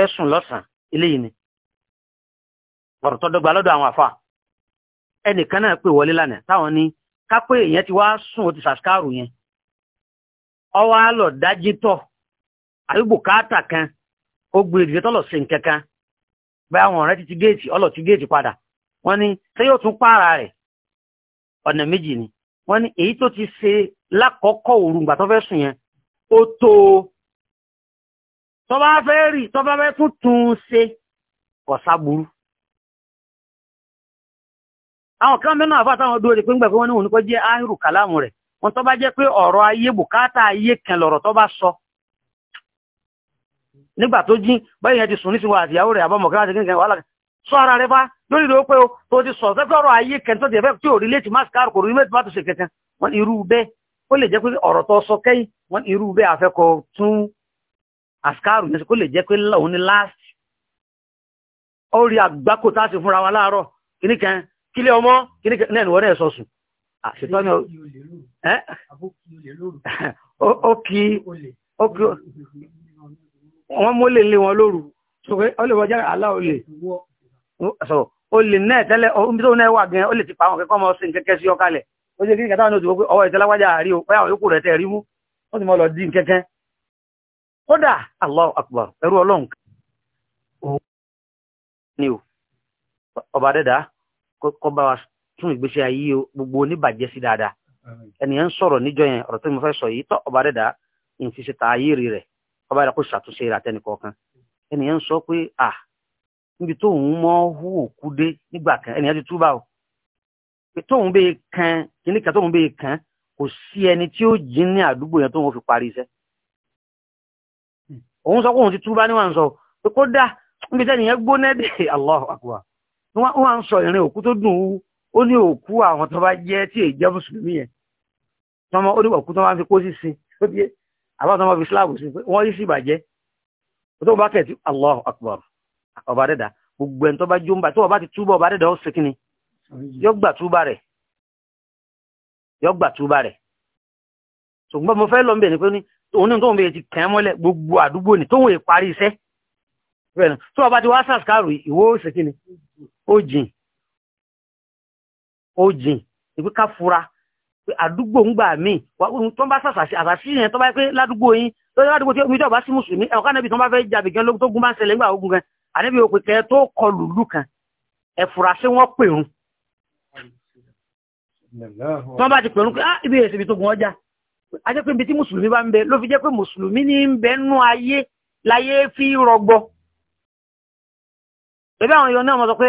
fẹ́ sùn ní a ẹnìkan náà pè wọlé lánàá táwọn ní kápé èèyàn ti wá sùn ó ti sàskáàrù yẹn ọwọ́ á lọ dájí tọ̀ àdúgbò káàtà kan ó gbé e ìdíje tọ́lọ̀ sí nkankan bá àwọn ọ̀rẹ́ títí géètì ọlọ̀ ti géètì padà wọ́n ní ṣé yóò tún pààrà rẹ̀ ọ̀nà méjì ni wọ́n ní èyí tó ti ṣe lákọ̀ọ́kọ́ òru ìgbà tó fẹ́ sùn yẹn ó tó tó bá fẹ́ rí tó bá fẹ́ tún tún ṣe kò sáburú àwọn kan mẹ́nu àfáàtàwọn dúró rí pé ń gbẹ̀fẹ́ wọn ní òun kọ́ jẹ́ áhìrù kàlámù rẹ̀ wọn tó bá jẹ́ pé ọ̀rọ̀ ayé bùkátà ayé kan lọ̀rọ̀ tó bá sọ nígbà tó jí báyìí yẹn ti sùn nísìnyí àti ìyàwó rẹ̀ àbọ̀mọ̀ kíláàsì kíkan wàhálà sọ ara rẹ̀ bá lórí rẹ̀ pé o ti sọ fẹ́ ọ̀rọ̀ ayé kan tó tiẹ̀ fẹ́ kílé ọmọ kíní náà ni wọ́n náà sọ́sùn àṣetọ́ wọ́n mú lè lé wọn lóru ó jẹ́ aláòlè ó náà tẹ́lẹ̀ omi tó náà wà gan ó ti pa àwọn kẹ́kọ́ ọmọ sí kẹ́kẹ́ sí ọkàlẹ̀ ó jẹ́ kí táwọn olóòtú ọwọ́ ìtẹ́láwájà àrí o rẹ̀ tẹ́ rí mú ó sì mọ́ lọ dín kẹ́kẹ́ kódà Allahu ẹrú ọlọ́run ọba dẹ́dàá kọ́ bá wa tún ìgbésí ayé gbogbo oníbàjẹ́ sí dáadáa ẹnìyẹn ń sọ̀rọ̀ níjọ yẹn ọ̀rọ̀ tó mo fẹ́ sọ yìí tọ́ ọba dẹ́dà ń ṣe rẹ̀ ọba kó ṣàtúnṣe rẹ̀ ẹnìyẹn ń sọ pé à níbi mọ́ òkú dé nígbà kan ẹnìyẹn ti túbà o pé kan kan kò sí ẹni tí ó jí ní àdúgbò yẹn fi parí iṣẹ́ hmm. òun sọ pé òun ti túbà sọ pé níbi gbóná wọ́n wá ń sọ ìrìn òkú tó dùn ún ó ní òkú àwọn tó bá jẹ́ tí èyí jẹ́ mùsùlùmí yẹn tọmọ ó ní òkú tó máa fi kó sí sin ó ti àbá tó fi síláàbù sí pé yí sí ìbàjẹ́ tó bá kẹ̀ tí Akbar ọba dẹ́dà gbogbo ẹni tó bá jó ń bá tó ọba ti túbọ̀ ọba dẹ́dà ó sì kíni yọ gbà túbà rẹ̀ yọ gbà túbà rẹ̀ ṣùgbọ́n mo fẹ́ lọ bẹ̀ ni pé ní òun tóun bẹ̀ ti kàn mọ́lẹ̀ gbogbo àdúgbò ni tóun è parí iṣẹ́ tó ọba ti wá sàkárù ìwó ó sì ó jìn ó jìn ìpé ká fura pé àdúgbò ń gbà míì tó ń bá sàṣàṣì àṣàṣì yẹn tó bá yẹ pé ládùúgbò yín tó yẹ ládùúgbò tí omi tí ọba sí mùsùlùmí ẹ̀ ọ̀ká nẹ́bí tó bá fẹ́ jàbí gan tó gún bá ń ṣẹlẹ̀ nígbà ogun gan ànẹ́bí òpè kẹ́ tó kọ lùlù kan ẹ̀fùrà sí wọ́n pèrún tó bá ti pèrún pé ah, ibi èsì ibi tó gun ọjà a jẹ́ pé ibi tí mùsùlùmí bá ń bẹ ló fi jẹ́ pé mùsùlùmí ní ń bẹ nú ayé láyé fi rọgbọ ẹgbẹ́ àwọn èèyàn náà mọ̀ sọ pé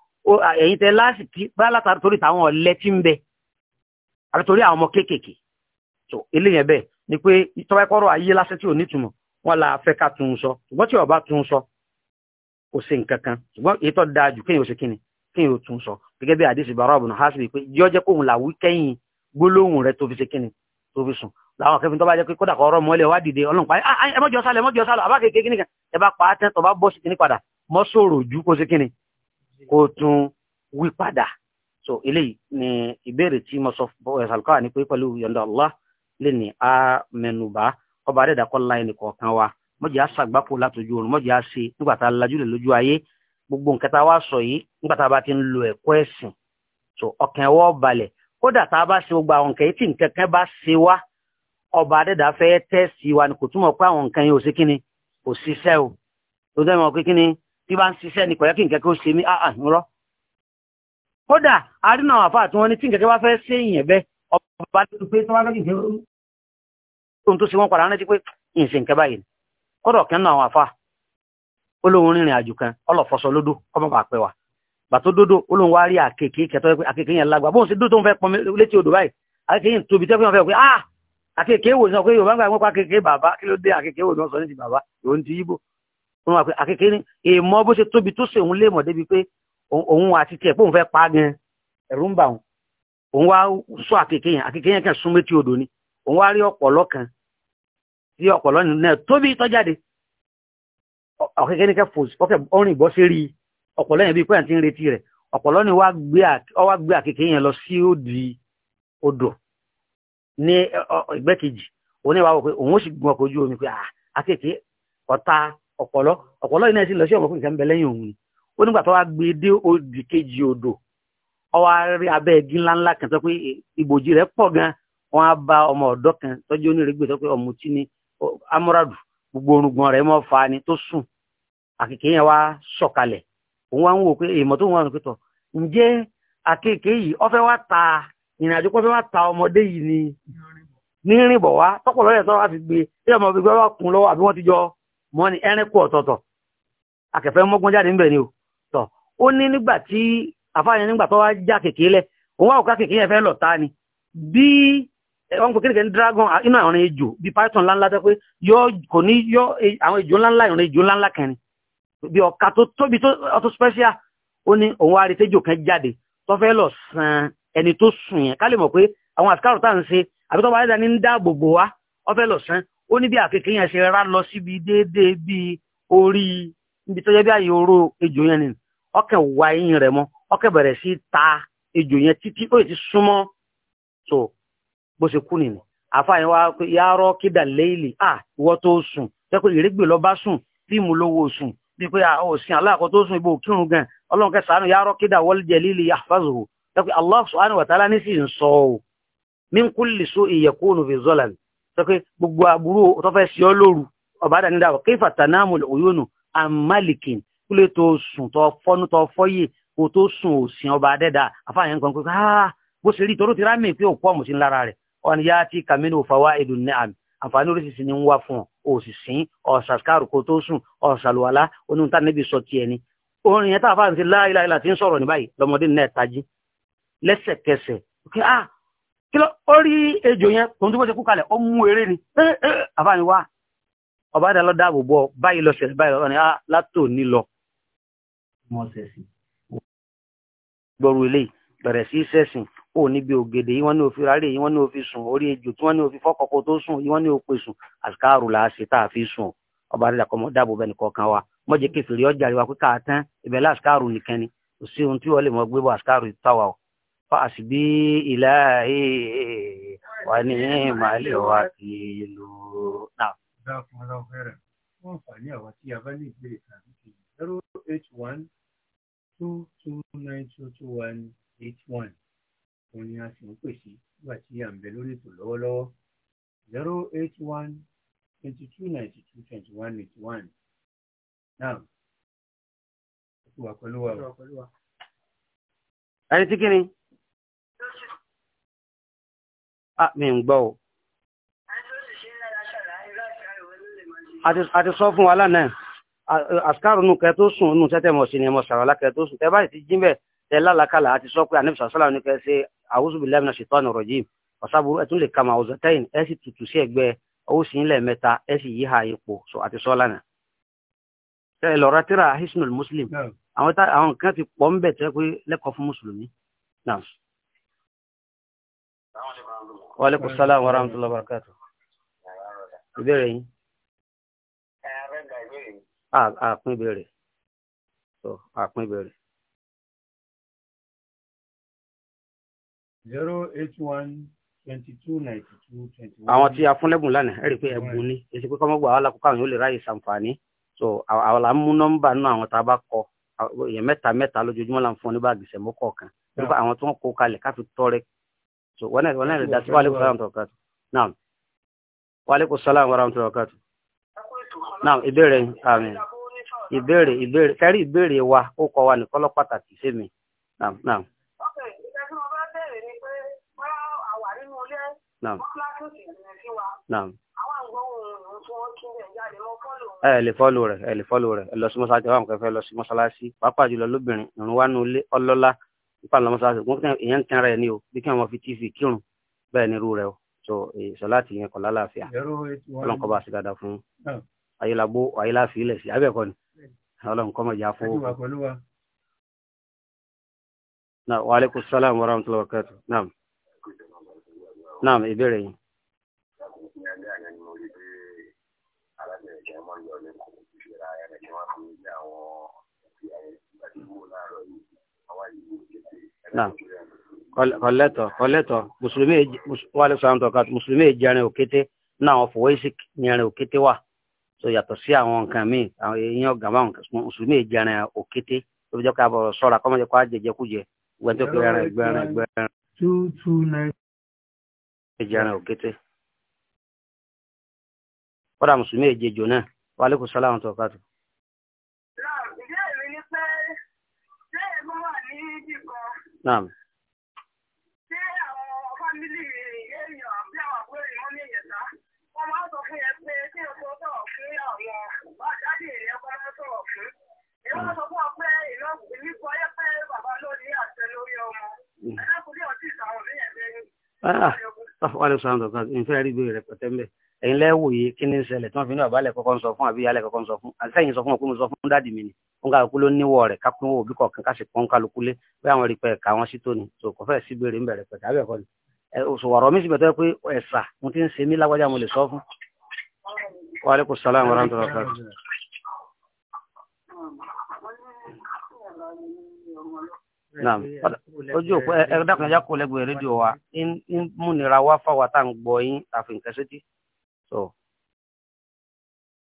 ẹ̀yin tẹ láàṣì tí bá látàrí torí táwọn ọ̀lẹ́ tí ń bẹ àti torí àwọn ọmọ kéékèèké tó eléyẹn bẹ́ẹ̀ ni pé tọ́wọ́ ẹ̀kọ́rọ̀ ayé lásán tí ò nítumọ̀ wọn la fẹ́ ká tún un sọ ṣùgbọ́n tí ọba tún un sọ kò sí nǹkan kan ṣùgbọ́n èyí tó dáa jù kéèyàn ò ṣe kíni kéèyàn ò tún un sọ gẹ́gẹ́ bí àdìsí bàrọ̀ ọ̀bùnà ha sì rí i pé yọ jẹ́ kóhun là wí kẹ́yìn gbólóhùn rẹ tó fi ṣe kíni tó fi sùn làwọn akẹ́fin tó bá jẹ́ pé kódà kọ́ ọ̀rọ̀ mọ́lẹ̀ wá dìde ọlọ́run pa ah, ah, ẹ mọ́jọ sálọ ẹ mọ́jọ sálọ kó tún wí padà so eléyìí ni ìbéèrè tí mo sọ ṣàlùkọ́ àní pé pẹ̀lú yọ̀ǹda Allah lè ní a mẹnuba ọba adẹ́dàkọ́ láì nìkan kan wa mọ̀jẹ̀ á ṣàgbákò látòjú oorun mọ̀jẹ̀ á ṣe nígbà tá a lajú lè lójú ayé gbogbo nǹkan tá a wá sọ yìí nígbà tá a bá ti ń lo ẹ̀kọ́ ẹ̀sìn so ọkàn ẹ̀wọ́ balẹ̀ kódà tá a bá ṣe gbogbo àwọn nǹkan yìí tí nǹkan kan bá ṣe wá ọba adẹ́dà ni tí bá ń ṣiṣẹ́ ni kọ̀yẹ́ kí nǹkan kí ó ṣe mí àà ń rọ́ kódà àdínà àwọn àfáà tí wọ́n ní tí nǹkan kí wá fẹ́ ṣe èèyàn bẹ́ ọba tó pé tó wá fẹ́ kí nǹkan ohun tó ṣe wọ́n padà rántí pé ìṣe nǹkan báyìí kódà kan náà àwọn àfáà ó lóun rìnrìn àjò kan ọlọ́fọṣọ lódò kọ́mọ́ bá pẹ́ wa bàtó dódò ó lóun wá rí àkèké kẹtọ́ pé àkèké yẹn lágbà bóun ṣe dódò ah àkèké wò ní sọ pé Yorùbá ń gbà wọ́n pa àkèké bàbá kí ló dé àkèké wò ní wọ́n sọ ní ti wọn wà pé àkékeré èèmọ bó ṣe tóbi tó ṣèun lè mọ̀ débi pé òun àti tiẹ̀ pé òun fẹ́ pa gan ẹ̀rù ń bà òun òun wá sọ àkékeré yẹn àkékeré yẹn kàn sún méjì odò ni òun wá rí ọ̀pọ̀lọ́ kan tí ọ̀pọ̀lọ́ náà tóbi tọ́jáde àkékeré ní kẹfò ọkẹ ọrìn ìbọn ṣe rí ọ̀pọ̀lọ́ yẹn bíi pé àti ń retí rẹ̀ ọ̀pọ̀lọ́ ni wá gbé àkékeré yẹn lọ sí òdì odò ní ìgbẹ́kejì òun ní wàá wò pé òun ó sì gun ọkọ̀ ojú omi pé ah, àkékeré ọ̀tá ọ̀pọ̀lọ́ ọ̀pọ̀lọ́ yìí náà sì lọ sí ọ̀pọ̀ ìkànnì bẹ̀lẹ́yìn òun ni ó nígbà tó wá gbé dé òdì kejì odò ọwọ́ rí abẹ́ igi ńláńlá kan sọ pé ìbòjì pọ̀ gan wọn á ba ọmọ ọ̀dọ́ kan tọ́jú onírègbè sọ pé ni amúradù gbogbo mọ́ fa ni tó sùn àkèké yẹn wá sọ̀kalẹ̀ òun wá ń wò pé èèmọ̀ tó ta ìrìn àjò fẹ́ ta ọmọdé mọ́ ni ẹranko ọ̀tọ̀ọ̀tọ̀ akẹ̀fẹ́ mọ́gbọ́n jáde níbẹ̀ ni o tọ̀ ó ní nígbà tí àfáàyàn nígbà tó wá já kèké lẹ̀ òun àwòká kèké yẹn fẹ́ lọ ta ni bí wọn kò kékeré ní dragon inú àwọn ejò bí python ńláńlá tó pé yọ kò ní yọ e, àwọn ejò ńláńlá ìrìn ejò ńláńlá kan ni bí ọ̀ka tó tóbi tó ọ̀tọ̀ special ó ní òun wá rí tẹ́jọ kan jáde tó fẹ́ lọ san ẹni tó sùn yẹn ká lè mọ̀ pé àwọn àfikàrọ̀ tá à ń ṣe àbí tó bá yẹ́dá ní ń dáàbò bò wá ó fẹ́ lọ san ó ní bí àkekèé yẹn ṣe rá lọ síbi déédéé bí orí ibi tó yẹ bí àyè oró ejò yẹn ni ọkẹ wá eyín rẹ̀ mọ́ o bẹ̀rẹ̀ sí ta ejò yẹn ti súnmọ́ tó bó ṣe kú nìyẹn àfààní wa yàrá kídà léèlì à ìwọ tó sùn jẹ pé ìrégbè lọ bá sùn fíìmù lówó sùn bí pé òsìn aláàkọ tó sùn ibò kírun gan ọlọ́run kídà líle pé Allah subhanahu wa ta'ala ní sì ń sọ sọ pé gbogbo àbúrò tó fẹ́ sí ọ lóru ọba dà nídàá kí fàtànàmù òyónù àmàlìkìn kí lè tó sùn tó fọ́nú tó fọ́yè kó tó sùn òsìn ọba adẹ́dà àfààyàn kan pé ah bó ṣe rí toró ti rá mi pé òkú ọmọ sí lára rẹ̀ ọ̀nà yá ti kàmínú òfàwà èdè ní àmì àǹfààní oríṣiríṣi ni ń wá fún ọ òṣìṣín ọ̀sàkárù kó tó sùn ọ̀sàlùwàlá oníhun tá níbi sọ tiẹ̀ ni orin yẹn tá àfààní ti láìláìlá ti ń sọ̀rọ̀ ní báyìí lọ́mọdé náà tají lẹ́sẹ̀kẹsẹ̀ ah kí lọ ó rí ejò yẹn tòun tó bó ṣe kú kalẹ̀ ó mú eré ni àbáni wá ọba dá lọ dáàbò bọ báyìí lọ ṣẹlẹ̀ báyìí lọ ní ah, látò ní lọ mọ ṣẹ̀sìn gbọrù ilé bẹ̀rẹ̀ sí ṣẹ̀sìn ó níbi ògèdè yìí wọ́n ní òfin rárẹ yìí wọ́n ní òfin sùn orí ejò tí wọ́n ní òfin fọkọkọ tó sùn yìí wọ́n ní òpè sùn àṣìkáàrù là á ṣe tá a fi sùn ọba dá kọmọ dáàbò bẹni kọ̀ọ̀kan wa mọjẹ kẹfìrí ọjà rí wa pé káà tán ìbẹ̀lẹ̀ nìkan ni kò sí ohun tí wọ́n lè mọ gbé bọ àṣìkáàrù ìtawà o fàṣìbí ìlàhí wà ní ìmàlẹ̀ wa kì í lò náà. dákun àwọn tí a bá ní ìbéèrè tàbí kejì zero eight one two two nine two two one eight one òun ni a sì ń pèsè nígbà tí à ń bẹ lórí ètò lọ́wọ́lọ́wọ́ zero eight one twenty two ninety two twenty one eight one náà ó ti wà pẹ̀lú wa. ẹni tí kí ni. Ah, mi ń gbọ́ o. a ti sọ fún wa lánàá àsìkárò nù kẹ tó sùn nù tẹ́tẹ́ mọ̀ sí ni mọ̀ sàrọ̀ alákẹ́ tó sùn tẹ́ báyìí ti jí bẹ́ẹ̀ tẹ́ lálàkàlà a ti sọ pé àníbi sàṣàlà ni kẹ́ ṣe a'udhu billahi minash shaitani rajim ọ̀sàbùrú ẹ̀ tún lè kà mà ọ̀zọ̀ tẹ́yìn ẹ̀ sì tutù sí ẹ̀gbẹ́ ọwọ́ sí ilẹ̀ mẹ́ta ẹ̀ sì yíha ipò àti sọ lánàá. ẹ lọ́ra tíra hisnul muslim àwọn nǹkan ti pọ̀ ń bẹ̀ tẹ́ pé lẹ́kọ̀ọ́ fún mùsùlùmí náà. Wàlékún sálàmù warahmatullahi wabarakatuh. Ìbéèrè yín. Àpín ìbéèrè. So, àpín ìbéèrè. 081 2292 Àwọn tí a fún lẹ́bùn lánàá, ẹ̀rí pé ẹ̀bùn ni. Èsì pé kọ́mọ́gbà àwọn alákòókò àwọn yóò lè ráyè sàǹfààní. So, àwọn là ń mú nọ́mbà náà àwọn tá a bá kọ. Èèyàn mẹ́ta mẹ́ta lójoojúmọ́ là ń fún ọ ní báàgì sẹ̀mọ́ kọ̀ọ̀kan. Nípa àwọn tí wọ́n kó kalẹ̀ ká fi so wannan wannan da su alaikum salam tawakkal na'am wa alaikum salam wa rahmatullahi wa barakatuh na'am ìbéèrè amen ìbéèrè ìbéèrè kẹrí ìbéèrè wa ó kọ wa nìkan lọ pàtàkì sí mi na'am na'am. Naam. Naam. Ẹ lè fọ́lù rẹ̀, ẹ lè fọ́lù rẹ̀, ẹ lọ sí mọ́sálásí, ẹ wà nǹkan fẹ́ lọ nípa àwọn mọ́ṣáláṣí wọn kàn èèyàn ń tẹ́ra ẹ̀ ní o bí kí àwọn fi tv kírun bẹ́ẹ̀ ni irú rẹ o so eh, sọlá ti yẹn kọ̀ lálàáfíà ọlọ́nkọ́ bá ṣe dáadáa fún ayélabó ayéláfi ilẹ̀ sí abẹ́ẹ̀kọ́ ni ọlọ́nkọ́ mọ̀ já fún o. na wa aleykum salaam wa rahmatullahi wa barakatuh naam naam ìbéèrè yìí náà kọlẹtọ kọlẹtọ mùsùlùmí wàlẹ sọlọmọtò ká mùsùlùmí jẹrin òkété náà àwọn fòwéṣì yẹrin òkété wà so yàtọ̀ sí àwọn nǹkan míì àwọn èèyàn gàmà mùsùlùmí jẹrin òkété tó fi jẹ ká bọrọ sọra kọmọdé kó àjẹjẹ kújẹ gbẹdẹ kó yẹrin gbẹrin gbẹrin. two two nine. E jẹrin òkété. kódà mùsùlùmí èjejò e náà wàlẹ kò sọlọmọtò ká tó. Naam. Ṣé àwọn fámílì èèyàn bí àwọn àbúrò yìí wọ́n ní ìyẹ̀dá? Wọ́n máa ń sọ fún yẹn pé kí o tó sọ̀rọ̀ fún àwọn jáde ìrìn ọkọ̀ máa sọ̀rọ̀ fún. Èyí wọ́n sọ fún ọ pé ìlú nípa ọyẹ́ pé bàbá ló ní àṣẹ lórí ọmọ. Mm. Ẹ dákun bí ọtí ìsàwọn ní ẹ̀mí ẹni. Wọ́n lè sọ àwọn kankan ìfẹ́ rí gbé rẹ̀ pẹ̀tẹ́ mbẹ́. Ẹ̀yin lẹ́wòye kí ni ń ṣẹlẹ̀ tí wọ́n fi ní àbálẹ̀ kọ́kọ́ ń sọ fún àbí alẹ́ kọ́kọ́ ń sọ fún. Àṣẹ́yìn sọ fún ọ pé mo sọ fún dádì mi ni kónkálukú ló níwọ̀ rẹ̀ kápẹ́ wọn òbí kọ̀ọ̀kan ká sì kónkálukú lé bí àwọn rí pẹ́ ẹ̀ka wọn sí tóni tó kò fẹ́ sí gbére ń bẹ̀rẹ̀ pẹ̀tẹ́ abẹ́ kọ́ni òṣùwọ̀rọ̀ mi sì bẹ̀tọ́ pé ẹ̀sà mo ti ń ṣe mí lágbájá mo lè sọ fún. wa aleykum salaam wa rahmatulah. naam ojú òpó ẹ dákun ẹja kó lẹ́gbẹ̀ẹ́ rédíò wa ń múnira wá fáwa tá à ń gbọ́ yín àfi nǹkan sétí.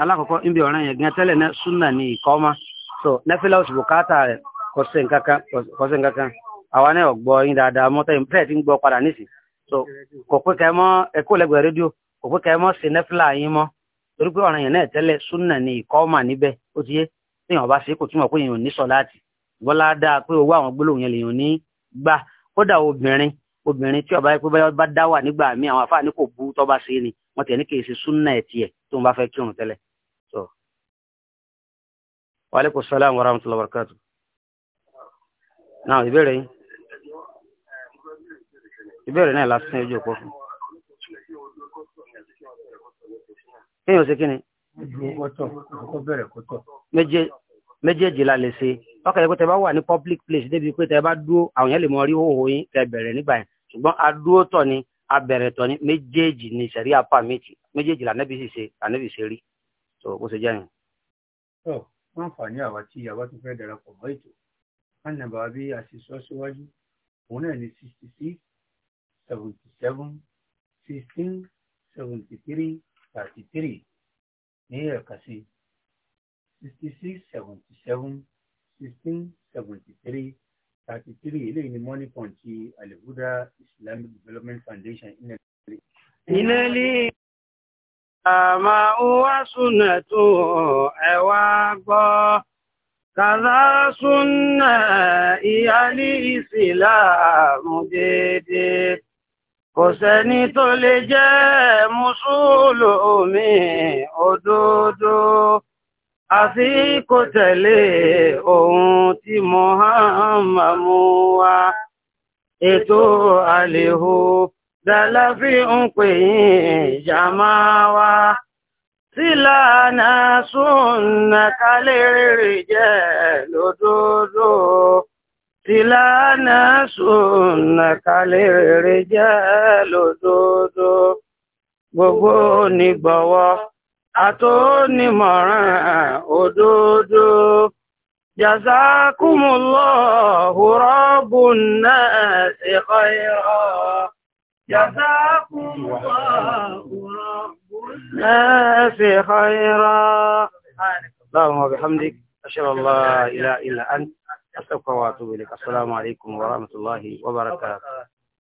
alákọ̀ọ́kọ́ níbi ọrụ yẹn gan tẹ́lẹ̀ náà súnà ní so nẹ́fílà oṣù bùkátà rẹ̀ kọ́sẹ̀ nkaka àwa náà ọ̀gbọ́ yín dáadáa mọ́tò yín fẹ́ẹ̀ tí so kò pé kẹ́ mọ́ ẹ̀kọ́ lẹ́gbẹ̀ẹ́ rédíò kò pé kẹ́ mọ́ sí nẹ́fílà yín mọ́ torí pé ọ̀ràn na náà tẹ́lẹ̀ súnà ní ihe níbẹ̀ ó ti yé tí yàn bá obìnrin tí ọba yẹ pé báyọ bá dá wà nígbà míì àwọn àfáà ní kò bú tọba ṣe ni wọn tẹ ní kì í ṣe súnà ẹ tiẹ tó ń bá fẹ́ kírun tẹ́lẹ̀. wa alaikum salaam wa rahmatullahi wa barakatuh. náà ìbéèrè yín ìbéèrè náà lásán ojú òpó fún. kéèyàn ṣe kí ni. méjèèjì la lè ṣe ọkàn ìpè tẹ wà ní public place débi pé tẹ bá dúró àwọn yẹn lè mọ rí hòhò yín tẹ bẹ̀rẹ̀ nígbà yẹn ṣùgbọ́n adúró tọ̀ ni abẹ̀rẹ̀ tọ̀ ni méjèèjì ni sẹ̀rí apá méjì méjèèjì lànàbí sì ṣe lànàbí ṣe rí tó bó ṣe jẹ́ yẹn. tó wọn fà ní àwa tí àwa tó fẹ́ darapọ̀ mọ́ ètò wọn nà bàbá bí a sì sọ síwájú òun náà ní sixty six seventy seven sixteen seventy three thirty three ní ẹ̀ka sí sixty six seventy seven sixteen thirty three eléyìí ni money point ti alibuda islamic development foundation inali. inali àmà wá súnà tó ẹ wá gbọ́ kàdá súnà ìyálí ìsìláàmù déédéé kò sẹ́ni tó lè jẹ́ mùsùlùmí òdodo àfi kó tẹ̀lé ohun tí Muhammad mú wá ètò àlèhò dàláfí ń pè yín jàmáà wá sílànà súnà kálérèrè jẹ́ lódodo sílànà súnà kálérèrè lódodo gbogbo nígbọ̀wọ́. ato ni mara ododo الله رب الناس خيرا جزاكم الله رب الناس خيرا اللهم وبحمدك اشهد ان لا اله الا انت استغفرك واتوب اليك السلام عليكم ورحمه الله وبركاته